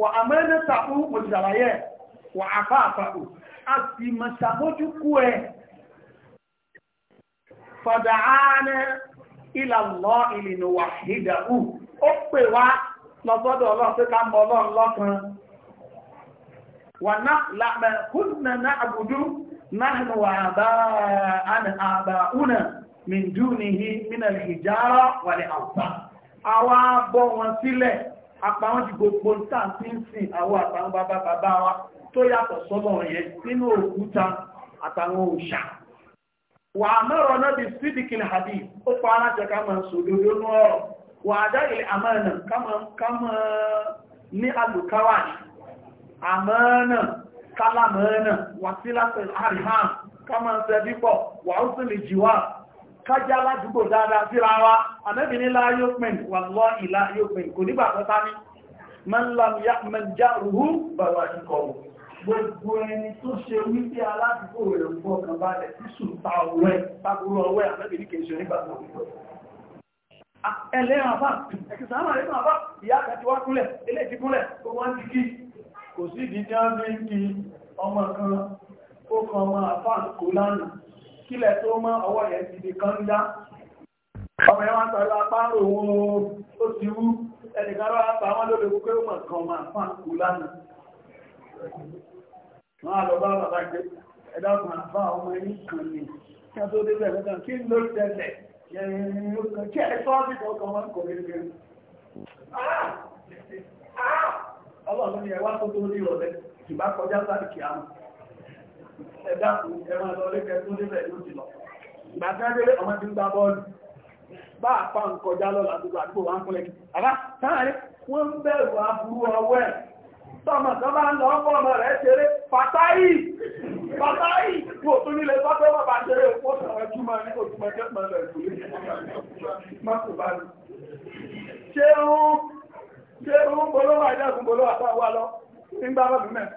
wà àmẹ́rẹ́ tàbí mo ti ṣàlàyé wà àfá àpapọ̀ a sì mọ̀ ṣàmójúkú ẹ̀ fọ̀dà áánẹ́ ìlàlọ́ ìlìnà wà ìdàkú ó pè wá lọ́sọ́dọ̀ ọlọ́run wà min dúnihi min al-hijara wal awtan àwa bọ́ wọn sílẹ̀ apá wọn ti gbogbo tàbíǹsì àwọn àtàwọn bàbá bàbá wa tó yàtọ̀ sọ́mọ̀ yẹn nínú òkúta àtàwọn òṣà wà mẹ́rọ náà bí sídìkìlì hadi ó pa aláṣẹ ká máa sòdodo ní ọ̀rọ̀ wà dá ilẹ̀ àmọ́nà ká máa ní alùkáwà àmọ́nà kálámọ́nà wà sílásẹ̀ àríhàn ká máa sẹ́bí pọ̀ wà ó sì lè jìwà kájá aládùúgbò dáadáa síra wa ànábì ní la yu'min wallahi la yu'min kò nígbà tó sáni mọ́nlámiyá mẹ́já rúhú bàbá ìkọ̀wọ̀ gbogbo ẹni tó ṣe wípé aládùúgbò rẹ̀ ń bọ́ kan balẹ̀ tí sùta ọ̀rẹ́ tábúrú ọwẹ́ ànábì ní kèṣe nígbà tó ah, ẹlẹ́rìn àbá ẹ̀kìsàmà rẹ̀ àbá ìyá kẹtì wá kúnlẹ̀ ilé ti kúnlẹ̀ kílẹ̀ tó mọ́ ọwọ́ yẹn ti di kan dá ọmọ yẹn wọ́n tọ́lá párò wọn ó ti wú ẹnìkan lọ́wọ́ pa wọ́n lórí pé ó mọ̀ kan máa fà ń kú lánàá wọ́n á lọ bá bàbá gbé ẹ̀dá kan àbá ọmọ yìí kan ní kí wọ́n tó dé bẹ̀rẹ̀ kan kí ló tẹ̀lẹ̀ kí ẹ sọ́ sí kankan wọn kò ní ẹ̀dá ẹ̀rọ lọ lẹ́kẹ̀ẹ́ tó débẹ̀ ló ti lọ. Ìgbà tí wọ́n dé ọmọ ti ń gba bọ́ọ̀lù. Bá àpá ń kọjá lọ làdúgbò àdúgbò wa ń kúnlẹ̀ kí. Àbá táàrí wọ́n ń bẹ̀rù aburú ọwọ́ ẹ̀. Tọ́mọ̀ kan bá ń lọ ọkọ̀ ọmọ rẹ̀ ṣeré. Fàtáì! Fàtáì! Kò tún nílé sọ́kẹ́ bàbá ṣeré òpó sọ̀rọ̀ júmọ̀ ní kò túnmọ̀ jẹ́ pẹ̀lú ẹ̀kú. Má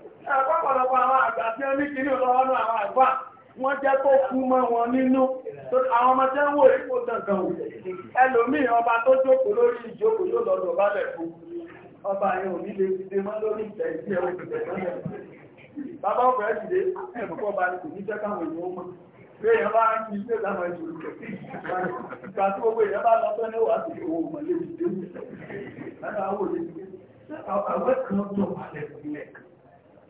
Àpapọ̀lọpọ̀ àwọn àgbà tí ó ní kí ní ọlọ́wọ́nú àwọn àgbà wọ́n jẹ́ tó kú mọ́ wọn nínú. Àwọn ọmọ jẹ́ ń wò ipò dangan wò. Ẹlòmíì ọba tó jókòó lórí ìjókòó yóò lọ́dọ̀ bá lẹ̀ fún. Ọba yẹn ò ní lè dìde mọ́ lórí ìtẹ́ ìdí ẹ̀wọ̀n ìtẹ̀lẹ́. Bàbá ọkọ̀ ẹ̀ dìde, ẹ̀bùkọ́ ba ni kò ní jẹ́ káwọn èèyàn mọ́ èèyàn bá ń kí ilé ìlànà ìjòrò ìgbà tí gbogbo èèyàn bá lọ tọ́ ní wà sí owó mọ̀lẹ́bí tó ń sọ lára àwọn olè àwọn kan tó wà lẹ́kùnlẹ̀ kan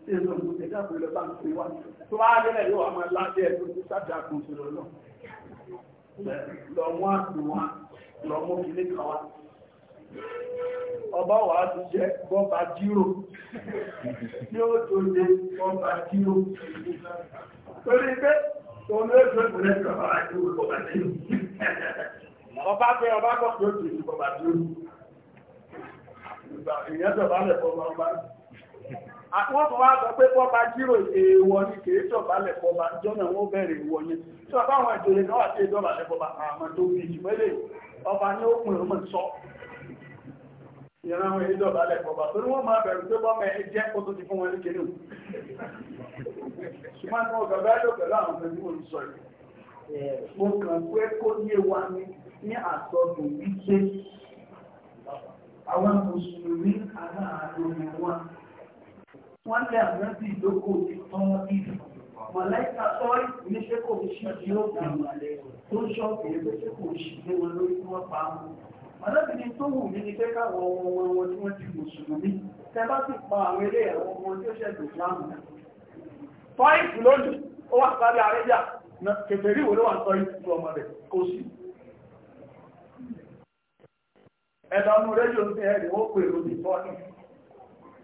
èso ìgbésẹ̀ àpò ilẹ̀ bá ń pè wá tó bá délẹ̀ yóò àwọn aláṣẹ ẹ̀sùn tó sábà kún sí lọ lọ lọ mú àpò wa kan wá ọba wà ti jẹ́ bọ́ba jírò ní ó tó dé bọ́ba jírò torí pé òun ló tó ìpínlẹ̀ tí ọba àti olùkọ́ba jírò ọba pé ọba kọ́ tó tó ìpínlẹ̀ bọ́ba jírò ìyẹn tó bá lẹ̀ fọ́ ọba wọ́n tún wá sọ pé wọ́n bá jírò èèwọ̀ ní kèé tọ̀bálẹ̀ pọ̀bá jọ́nà wọ́n bẹ̀rẹ̀ ìwọ̀ ni tí wọ́n báwọn ìjòlè náà àti ìjọbalẹ̀ pọ̀bá àmọ́ tó fi ìjìmẹ́lẹ̀ ọba ní ó pùn ọmọ sọ ìran ìjọbalẹ̀ pọ̀bá torí wọ́n máa bẹ̀rù pé bọ́mọ ẹ jẹ́ kó tó ti fún wọn ní kéré ṣùgbọ́n wọn gbàgbá yóò pẹ̀lú àwọn ọmọ ìlú olùsọ yìí mo kàn pé kó yé wa ní ní àsọdùn wípé àwọn mùsùlùmí aláàánú ni wọn wọ́n lé àmọ́sí ìdókò ọmọ ìlú mọ̀láìka sọ́ọ́rì níṣẹ́ kò ṣí tí ó kà tó ń ṣọ́ọ̀kì ẹgbẹ́ṣẹ́ kò ṣì lé wọn lórí tí wọ́n pa á mú ọlọ́bìnrin tó wù mí ni pé káwọn ọmọ wọn wọn tí wọ́n ti mùsùlùmí tẹ bá sì pa àwọn ilé àwọn ọmọ tí ó ṣẹ̀dùn láàmù tọ́ìsì lónìí ó wà sábẹ́ àrẹ́jà kẹfẹ́rí wo ló wà tọ́ìsì fún ọmọ rẹ̀ kó sí ẹ̀dọ̀ ọmọ rẹ́díò ń fi ẹ̀rì wọ́n pè lóbi tọ́ìsì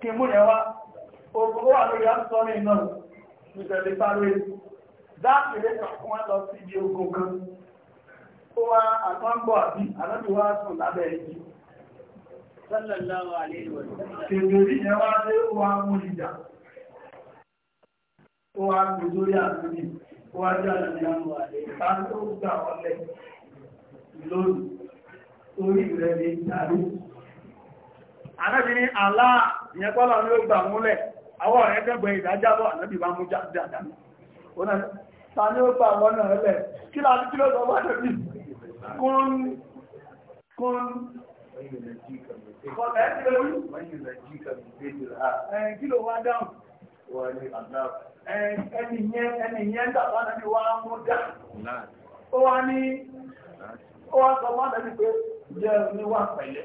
kí mú yẹn wá ogun wà lórí asọ́rin iná nìtẹ̀lé sáré dáàkì lẹ́tà fún wọn lọ sí ibi ogun kan ó wá àtọ́ǹgbọ̀ àbí àlọ́bí wá sùn lábẹ́ ìjì kèbèrè yẹn wá dé Allah ìyẹn pọ́lá ní ó gbà múlẹ̀ àwọn ọ̀rẹ́ kẹgbẹ̀ ìdájábọ̀ ànábì bá mú jáde ta ni ó gbà wọ́n náà lẹ̀ kí láti kí ló sọ bá dẹ̀ bí kún kún kí ló wá dáhùn ẹni yẹn dàbá náà ni wá mú dáhùn ó wá ní ó wá sọ jẹ́ oníwà pẹ̀lẹ́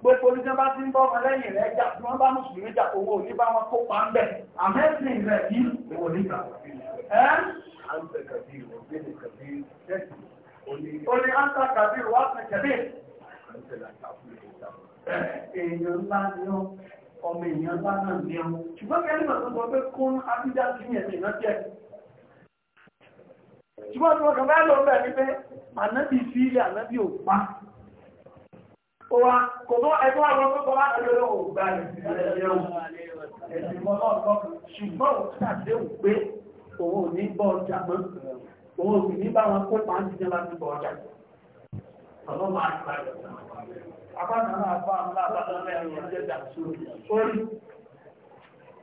gbogbo ní jẹba tí ń bọ́ ọmọ lẹ́yìn rẹ̀ jà tí wọ́n bá mùsùlùmí jà owó ní bá wọn kó pa ń bẹ̀ àmẹ́sìn rẹ̀ yìí owó nígbà Oni Anta Kabir wá sí Kabir. Èèyàn ńlá ni ó, ọmọ èèyàn ńlá náà ni ó. Ṣùgbọ́n kí ẹni mọ̀ tó sọ pé kún Abidá sí ẹ̀sìn náà jẹ́ ṣùgbọ́n tí wọ́n kàn bá lọ bẹ̀rẹ̀ pé ànábì sí ilé ànábì ò pa Owa, kò tó ẹgbẹ́ wa lọ sọ́kọ́ láti lọ́wọ́ ògbà ìrìnlẹ́wò. Ẹ̀sìn mọ́ náà lọ, ṣùgbọ́n òun ṣàdéhùn pé òun ò ní bọ́ ọjà mọ́. Òun ò sì ní bá wọn kó pàǹtí jẹ́ láti bọ̀ ọjà. Ọlọ́mọ àgbà ìrọ̀lẹ́. Abáná náà bá àwọn lábàdá mẹ́rin ọjọ́ ìjà sórí. Orí,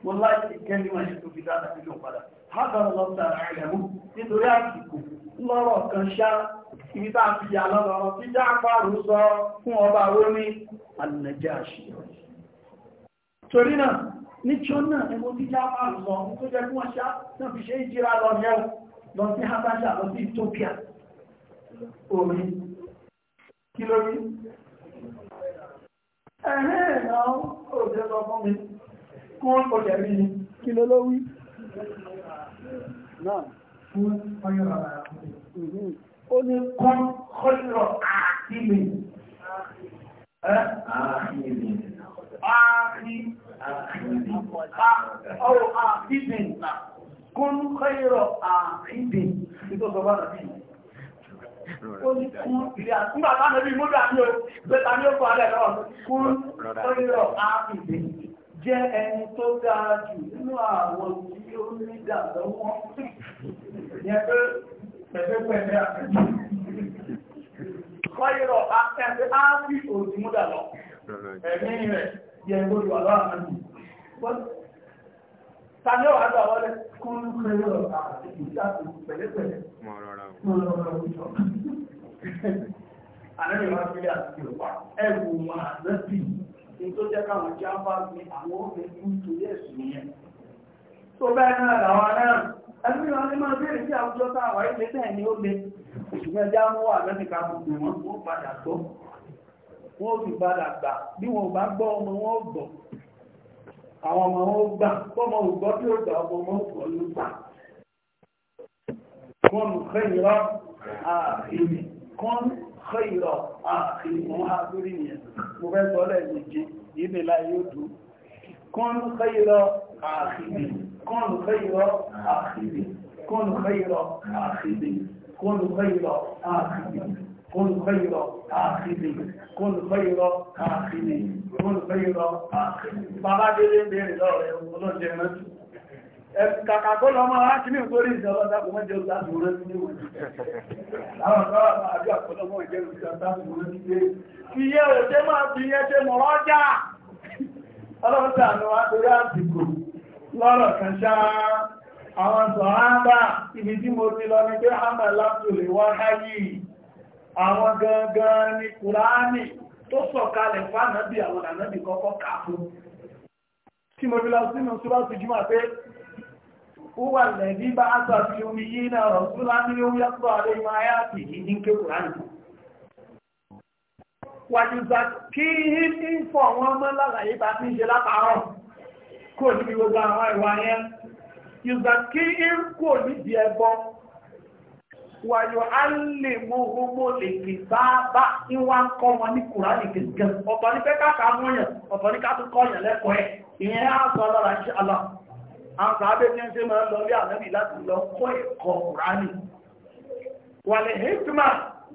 mo láti ibi tá a fi yà lọ́nà ọ̀rọ̀ tí jáàpàrù sọ fún ọba rómi alìnàjáṣì torí náà ní tí ó náà ẹgbó tí jáàpàrù sọ tó jẹ fún ọṣá náà fi ṣe ìjírá lọ yẹ́wò lọ sí habasha lọ sí Ethiopia omi kí ló rí ẹ̀hẹ́ ẹ̀nà òṣèlú sọ fún mi kí wọ́n kọ̀ ni kí ló náà fún ọyọ́ ó ní kún kọ́lọ̀ àkílì àkílì àkílì kún kọ́lọ̀ àkílì títọ́ sọ bá rẹ̀ bí ó ní kún ilé àti nígbà bá bí mọ́dá ní o pẹ́ta ní ó alẹ́ lọ́wọ́ kún kọ́lọ̀ àkílì jẹ́ ẹni tó dáa jù nínú àwọn tí ó ní dàgbà wọn pẹ̀lẹ́pẹ̀lẹ́ àtẹ́jú. Kọ́yìnrọ̀ àtẹ́jú á fi òdìmúdà lọ. Ẹ̀mí rẹ̀ yẹ gbójú àlọ́ àmì. Tàbí ọ̀há gbà wọlé kún ní kẹrẹ́rọ̀ àti ìjáàtò pẹ̀lẹ́pẹ̀lẹ́. Mọ̀ rọra òjò. Àlẹ́rìn máa fi àti ìrọ̀pá. Ẹ̀wù wọn àzẹ́bì ní tó jẹ́ káwọn jáfà ní àwọn òfin fún torí ẹ̀sùn yẹn. Tó bẹ́ẹ̀ náà làwọn náà ẹgbẹ́ wọn máa bèèrè sí àwùjọ tá àwà ilé bẹ́ẹ̀ ni ó le ṣùgbọ́n mú wà lẹ́nìká gbogbo wọn ó padà gbọ́ wọn ó fi padà gbà bí wọn bá gbọ́ ọmọ wọn ó gbọ́ àwọn ọmọ wọn ó gbà bọ́mọ ò tí ó gbà ọmọ wọn ó ló gbà kọ́n xeyìrọ̀ àìní كن خير آخذ كن خير آخذ كن خير آخذ كن خير آخذ كن خير آخذ كن خير آخذ bàbá délé ń bèèrè lọ́rẹ̀ olóòjẹ́ rántí kàkà kó lọ máa rántí ní ìtorí ìjọba dákùn mọ́jẹ́ òtàtù rẹ̀ sí níwọ̀n àwọn ọ̀rọ̀ àjọ àpọ̀lọ́mọ́ ìjẹ́ òtàtù rẹ̀ sí pé iye òjé máa fi iye ṣe mọ̀rọ̀ ọjà ọlọ́pàá àwọn àtòrí àsìkò lọ́rọ̀ kan ṣáá àwọn sọ̀hábà ibi tí mo ti lọ ní pé hàmà látòlè wá háyì àwọn gangan ní kùránì tó sọ̀kalẹ̀ fánàbí àwọn ànábì kọ́kọ́ kàfún tí mo fi lọ sínú súrọ́sì jùmọ̀ pé wúwà lẹ̀bí bá aṣọ àti omi yí náà rọ̀ súlá ní ó yàtọ̀ àrẹ́ ìmọ̀ ayá sì yí ní ké kí ní fọ̀ wọn mọ́ lálàyé bá ti ń ṣe lápàárọ̀ kúrò níbi gbogbo àwọn ìwà yẹn yùzà kí ń kúrò níbi ẹbọ wàyò alèmọ́gbọ́gbọ́ lè fi báábá ní ń kọ wọn ní kùránì gẹ̀gẹ̀ ọ̀tọ̀ ní mú kàmúyàn ọ̀tọ̀ ní kàtún kọ́yàn lẹ́kọ̀ọ́ ẹ̀ ìyẹn ṣe ṣe máa lọ rí àlẹ́bì láti lọ kọ́ ẹ̀kọ́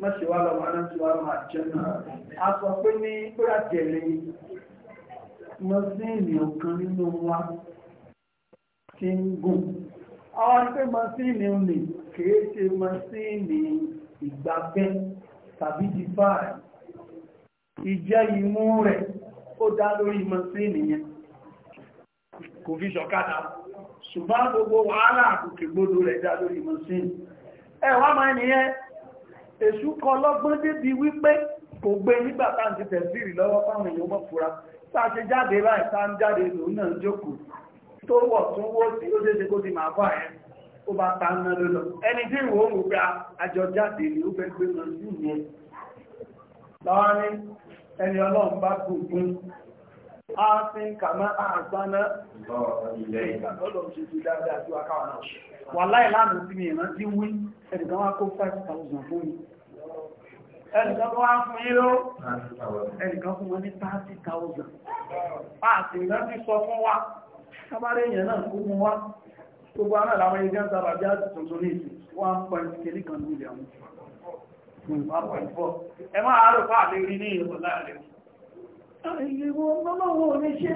mọ́ṣíwá lọ wọn láti wá máa jẹ́ náà a sọ pé ní kúrà tẹ̀lé mọ́síìnì ọ̀kan nínú wa ti ń gùn àwọn pé mọ́síìnì òní kìí ṣe mọ́síìnì ìgbafẹ́ tàbí dìfáà ìjẹ́ imú rẹ̀ ó dá lórí mọ́síìnì yẹn kò fi ṣọ̀kadà ṣùgbọ́n gbogbo wàhálà àkùkè gbódò rẹ̀ dá lórí mọ́síìnì ẹ̀wọ́n máa nìyẹn èṣù kọ lọ́gbọ́n débi wípé kò gbé nígbà tá à ń ti tẹ̀síìrì lọ́wọ́ fáwọn èèyàn mọ̀ fura tá a ṣe jáde báyìí tá a ń jáde lòun náà jókòó tó wọ̀ tó wọ́ sí ó ṣeéṣe kó ti máa bá ẹ̀ ó bá ta ń náà lọ ẹni tí ìwò òun gba àjọ jáde ni ó fẹ́ gbé lọ sí ìyẹn lọ́wọ́ ní ẹni ọlọ́run bá gùn áásín kàmọ́ àgbáná wà láì sí mi ìrántí wí ẹ̀dùkan wá kó 5,000 fún mi ẹ̀dùkan wá fún yí ló fún wọn ní 30,000 àti ìrántí sọ fún wa sábárẹ̀ èèyàn náà kó mú wá gbogbo aná làwọn ẹgbẹ́ ń sábà já tuntun ìyẹ̀wò ọlọ́wọ́ ní ṣe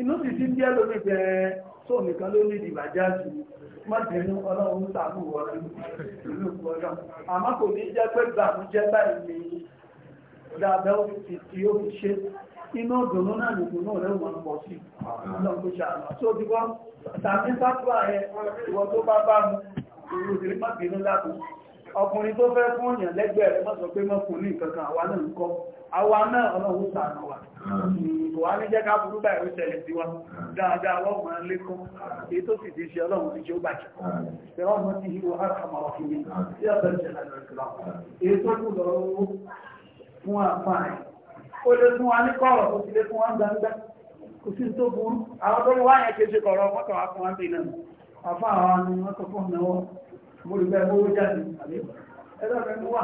inú sì sí bí ẹlòmí bẹ̀rẹ̀ tó nìkan ló ní ìbàjá jù mọ́tẹ̀nú ọlọ́run tàbí wọ́n ìlú ọjọ́ àmọ́ kò ní jẹ́ pé gbàmújẹ́ báyìí ni dáadáa tí ó fi ṣe inú ọdún náà nìkú náà rẹ̀ pọ̀ sí ọlọ́run tó ṣàánà ọkùnrin tó fẹ́ fún òyìn lẹ́gbẹ̀ẹ́ rẹ̀ mọ́sọ̀ pé mọ́kùn ní ìkankan àwa náà ń kọ́ àwa náà ọlọ́run sàánà wà kò wá ní jẹ́ ká burú báyìí ṣẹlẹ̀ sí wa dáadáa wọ́n lékún èyí tó sì ti ṣe ọlọ́run ti ṣe ó bàjẹ́ àkàmọ̀ tí ọ̀sẹ̀ ń ṣẹlẹ̀ èyí tó kù fún ó fún wa ní lé fún wa ń gbangba kò sí tó burú àwọn tó mo lè bẹ́ẹ̀ mọ́wó jáde àbí ẹ̀dọ́ rẹ̀ mú wá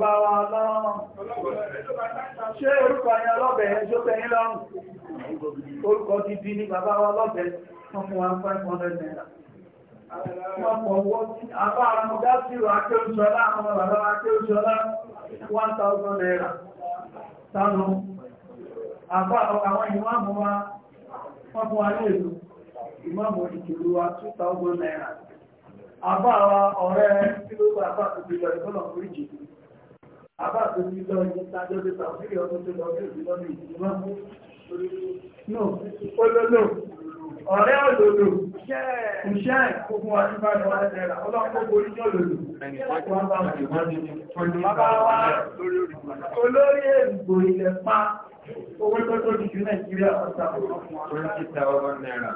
bàbá wa lọ́rọ̀ ṣé orúkọ yẹn ọlọ́bẹ̀ yẹn ṣó tẹ́yìn lọ́rùn orúkọ gidi ni bàbá wa lọ́bẹ̀ wọ́n fún wa five hundred naira wọ́n mọ̀ owó tí àbá ara mo dá sí ìrọ̀ akéwùsọ́lá àwọn bàbá akéwùsọ́lá one thousand sánú àbá àwọn ìmáàmù wa wọ́n fún wa ní èlò ìmáàmù ìkìlú wa two thousand àbáwa ọ̀rẹ́ tí ló bá bá tóbi lọ ìfọ́nà oríjì àbá tóbi lọ ìtajọ́ tó ta òfin ọdún tó lọ sí ìdílọ́ ní ìdílọ́ no olólo ọ̀rẹ́ olólo iṣẹ́ ìkókun adúbàdàn wá tẹ́ra ọlọ́pọ̀ orí jọ lòlò olórí ègbò ilẹ̀ pa Owó tó tó di ju Nàìjíríà ọ̀sán. Twenty thousand naira.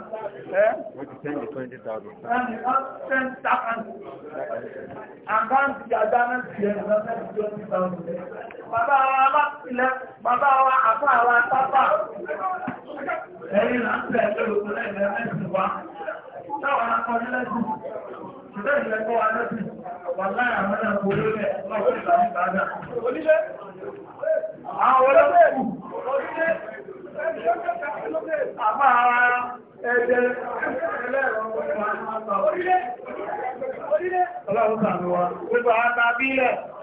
Ẹ́ wọ́n ti sẹ́yìn twenty thousand. Ẹni wọ́n ten thousand. Àkáǹtì àdáná ti yẹn lọ sí twenty thousand. Bàbá wa bá tilẹ̀ bàbá wa àbá wa sábà. Ẹ̀yin là ń bẹ̀ẹ́ lórí òkú lẹ́yìn lẹ́yìn wa. Táwọn akọni lẹ́sìn. Ṣùgbọ́n ìlẹ́kọ́ wa lọ́sí, wà láàrín àwọn náà kò lórí ẹ̀ lọ́wọ́ ìgbà ní ìbàdàn. Oníṣẹ́, àwọn ọlọ́pẹ́ ẹ̀kù, oníṣẹ́, àmà ẹ̀jẹ̀ ẹlẹ́rọ orílẹ̀, orílẹ̀, ọlọ́run sàánú wa, gbogbo àtàbílẹ̀.